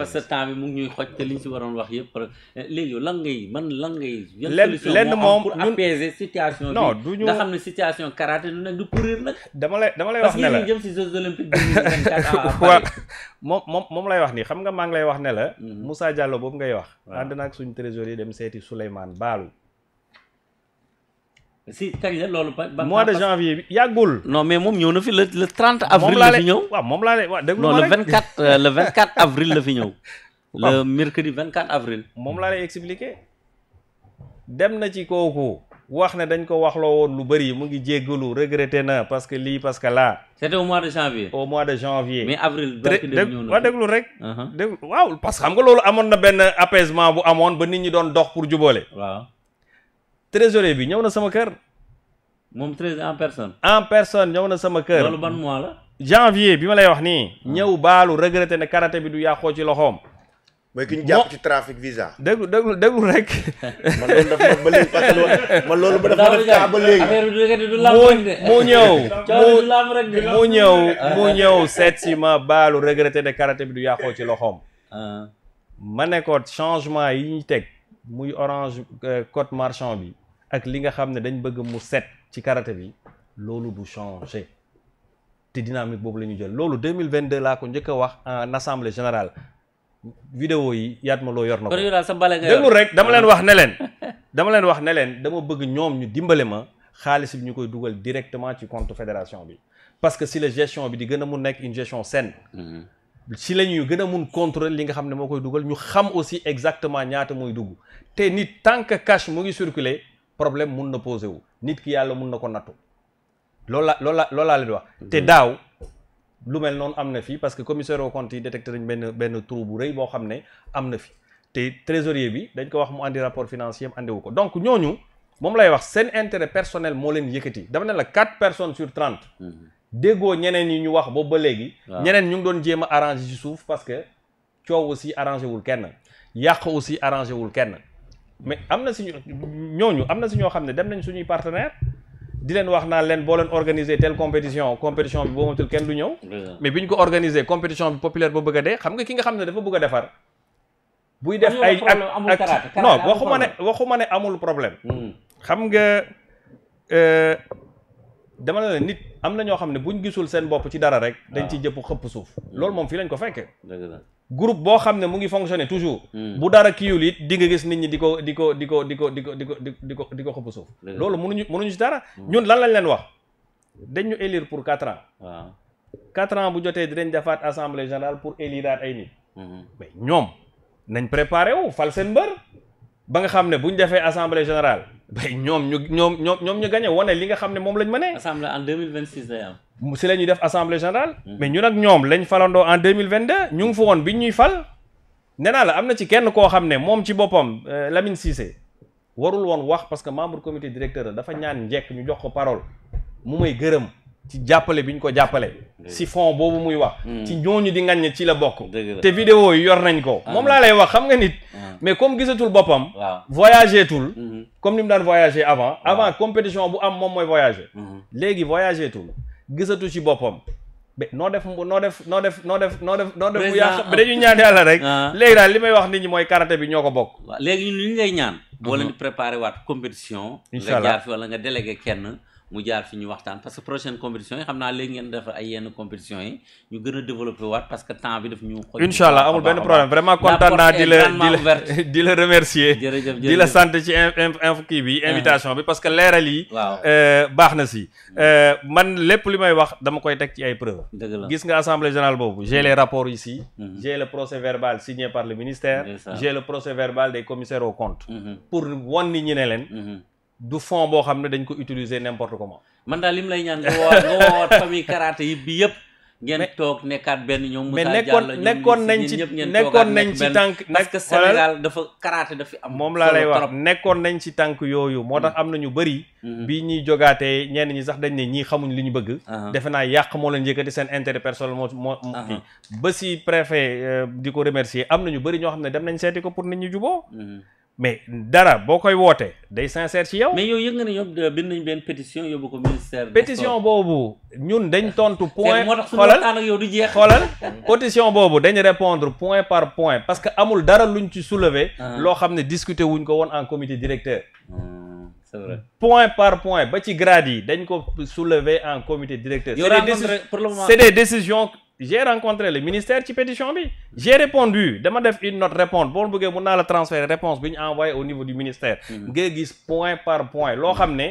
parce que temps bi mu ngi ñuy xoj te liñ ci waroon wax yëpp euh, lan ngay man lan ngay. lenn lenn moom pour situation bi. du ñu nga situation karaté du nekk dama lay dama lay wax ne la parce moom moom lay wax nii xam nga maa ngi lay wax ne la. Mhm. Moussa Diallo boobu ngay wax. ànd naag suñu trésorier dem seeti Souleymane Baalu. si kañ loolu mois de janvier bi yàggul. no mais moom ñëw na fi le le trente avril. la fi ñëw moom laa leen waaw déglu ma rek non le vingt quatre le vingt quatre la fi ñëw. le mercredi vingt quatre avril. moom laa lay expliqué. dem na ci kooku. wax ne dañ ko wax waxloo woon lu bëri mu ngi jéggalu regretté na parce que lii parce que là. c'était au mois de janvier. au mois de janvier. mais avril waa déglu rek. Uh-huh. déglu waaw parce que xam nga loolu amoon na benn apaisement bu amoon ba nit ñi doon dox pour juboole waaw. trésorier bi ñëw na sama kër. moom trésorier en personne. en personne ñëw na sama kër. loolu mois la. janvier bi ma lay wax nii. ñëw baalu regretté ne karaté bi du yàquoo ci loxoom. mooy ki ñu jàpp ci trafic visa. déglu déglu déglu ma ba seet si baalu regretté ne karaté bi du yàqoo ci loxoom. ma ne ko changement yi ñu teg muy orange eh, code marchand bi. ak li nga xam ne dañ bëgg mu set ci karaté bi loolu du changer te dynamique boobu la ñu jël loolu 2022 laa ko njëkk a wax en assemblée générale vidéo yi yaat ma loo yor na ko déglu rek dama leen wax ne leen dama leen wax ne leen dama bëgg ñoom ñu dimbale ma xaalis bi ñu koy dugal directement ci compte fédération bi parce que si la gestion bi di gën a mun nekk une gestion saine mm-hmm. si la ñuy gën a mun contrôler li nga xam ne moo koy dugal ñu xam aussi exactement ñaata mooy dugg te nit tant que cash mu ngi circuler problème mun na posé wu nit ki yàlla mun na ko nattu loolu la loolu la loolu laa leen wax te mm-hmm. daaw lu mel noonu am na fi parce que commissaire aux comptes yi détecté benn benn trou bu rëy boo xam ne am na fi te trésorier bi dañ ko wax mu andi rapport financier am andiwu ko donc ñooñu moom lay wax seen intérêt personnel moo leen yëkkati dafa ne la quatre personnes sur trente mm-hmm. déggoo ñeneen yi ñu wax boobu ba léegi ñeneen ñu ngi doon jéem a arrangé ci suuf parce que coow aussi arrangé wul kenn yàq aussi arrangé wul kenn mais am na si ñooñu am na si ñoo xam ne dem nañ suñuy partenaire di leen wax naa leen boo leen organiser telle compétition compétition bi boo matul kenn du ñëw. mais bi ñu ko organiser compétition bi populaire ba bëgg a dee xam nga ki nga xam ne dafa bëgg a defar. buy def ay ak ak non waxuma ne waxuma ne amul problème. Hmm. xam nga euh, dama la ne nit am na ñoo xam ne buñ gisul seen bopp ci dara rek. dañ ah. ciy jëpp xëpp suuf. loolu moom fii lañ ko fekkee. groupe boo xam ne mu ngi fonctionner toujours. Hmm. bu dara kiiwul it di nga gis nit ñi di ko di ko di ko di ko di ko di ko di ko di ko xëpp suuf. loolu mënuñu mënuñu si dara. Hmm. ñun lan lañ leen wax dañ ñu élire pour quatre ans. waaw ah. quatre ans bu jotee dinañ defaat assemblée générale pour éliraat ay nit. Hmm. ñoom nañ préparé wu fal seen mbër. ba nga xam ne bu ñu defee assemblée générale. ñoom ñu ñoom ñoom ñoom ñu gagné wane li nga xam ne moom lañ mënee. assemblée en deux mille vingt six day si la ñuy def assemblée générale. Mm-hmm. mais ñun ak ñoom lañ falandoo en deux mille vingt deux ñu ngi fa woon bi ñuy fal. nee naa la am na ci kenn koo xam ne moom ci boppam euh, Lamine Cissé warul woon wax parce que membre comité directeur la dafa ñaan njekk ñu jox ko parole mu may gërëm ci jàppale bi ñu ko jàppale. si fond boobu muy wax. Mm. ci ñooñu di ngañ ci la bokk. te vidéo yi yor nañ ko. Ah. moom laa lay wax xam nga nit. Ah. mais comme gisatul boppam. waaw tul. Mm-hmm. comme ni mu daan voyagé avant. Ah. avant compétition bu am moom mooy voyagé. Mm-hmm. léegi voyagé tul. gisatu ci boppam ba noo def noo noo def noo def noo def noo def bu yàq ba dañu ñaan yàlla rek ah. léegi daal li may wax nit ñi mooy karaté bi ñoo ko bokk léegi ñu li ñu lay ñaan boo mhm. leen di préparé waat compétition incha allah nga jaar wala nga délégué kenn mu jaar fi ñu waxtaan parce que prochaine compétition yi xam naa léegi ngeen def ay yenn compétition yi ñu gën a développé waat parce que temps bi daf ñu. incha allah amul benn problème vraiment kontaan naa di la di la remercier. jërëjëf di la sant ci info kii bi eh. invitation bi parce que leeral yi. waaw euh, baax na si. Mm. Euh, man lépp li may wax dama koy teg ci ay preuves. gis nga assemblée générale boobu j'ai les rapports ici. Mm-hmm. j'ai le procès verbal signé par le ministère. j'ai le procès verbal des commissaires aux comptes. Mm-hmm. pour wan ni ñu ne leen. Mm-hmm. du fond boo xam ne dañ ko utiliser n'importe comment. man daal lim lay ñaan nga woo nga woowaat famille karaté yi bi yëpp. ngeen toog nekkaat benn ñoom. Moussa Diallo nekkoon nañ ci nekkoon nañ ci tànk. parce que Sénégal dafa karaté dafi am. moom laa lay wax nekkoon nañ ci tànk yooyu. moo tax mm-hmm. am na ñu bëri. Mm-hmm. bi ñuy jogaatee ñenn ñi sax dañ ne ñi xamuñ li ñu bëgg. Uh-huh. defe naa yàq moo leen yëkkati seen intérêt personnel moo moo. Uh-huh. ba si préfet euh, di ko remercier am na ñu bëri ñoo xam ne dem nañ seeti ko pour nit ñi juboo mm-hmm. mais dara boo koy wootee day sincère ci yow. mais yow yëg nga ne yow euh, bind nañ benn pétition yóbbu ko ministère. pétition boobu ñun dañ tontu. point xoolal xoolal pétition boobu dañ répondre point par point parce que amul dara luñ ci soulever. Ah. loo xam ne discuter wuñ ko woon en directeur. Ah, c'est vrai point par point ba ci grade yi dañ ko soulever en comité directeur. c'est des décisions j'ai rencontré le ministère ci pétition bi j'ai répondu dama def une note réponse boo bëggee mun naa la transférer réponse bi ñu envoyé au niveau du ministère mm-hmm. nga gis point par point loo xam ne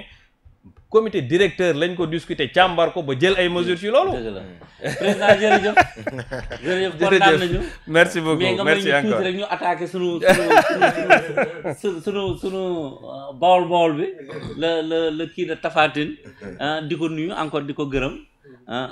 comité directeur lañ ko discuter càmbar ko ba jël ay mesures ci loolu président jërëjëf jërëjëf kontaan nañu merci beaucoup merci encore mais ñu tuuti rek ñu sunu sunu sunu sunu euh, bawol bawol bi la la la kii de Tapha Tine di ko nuyu encore di ko gërëm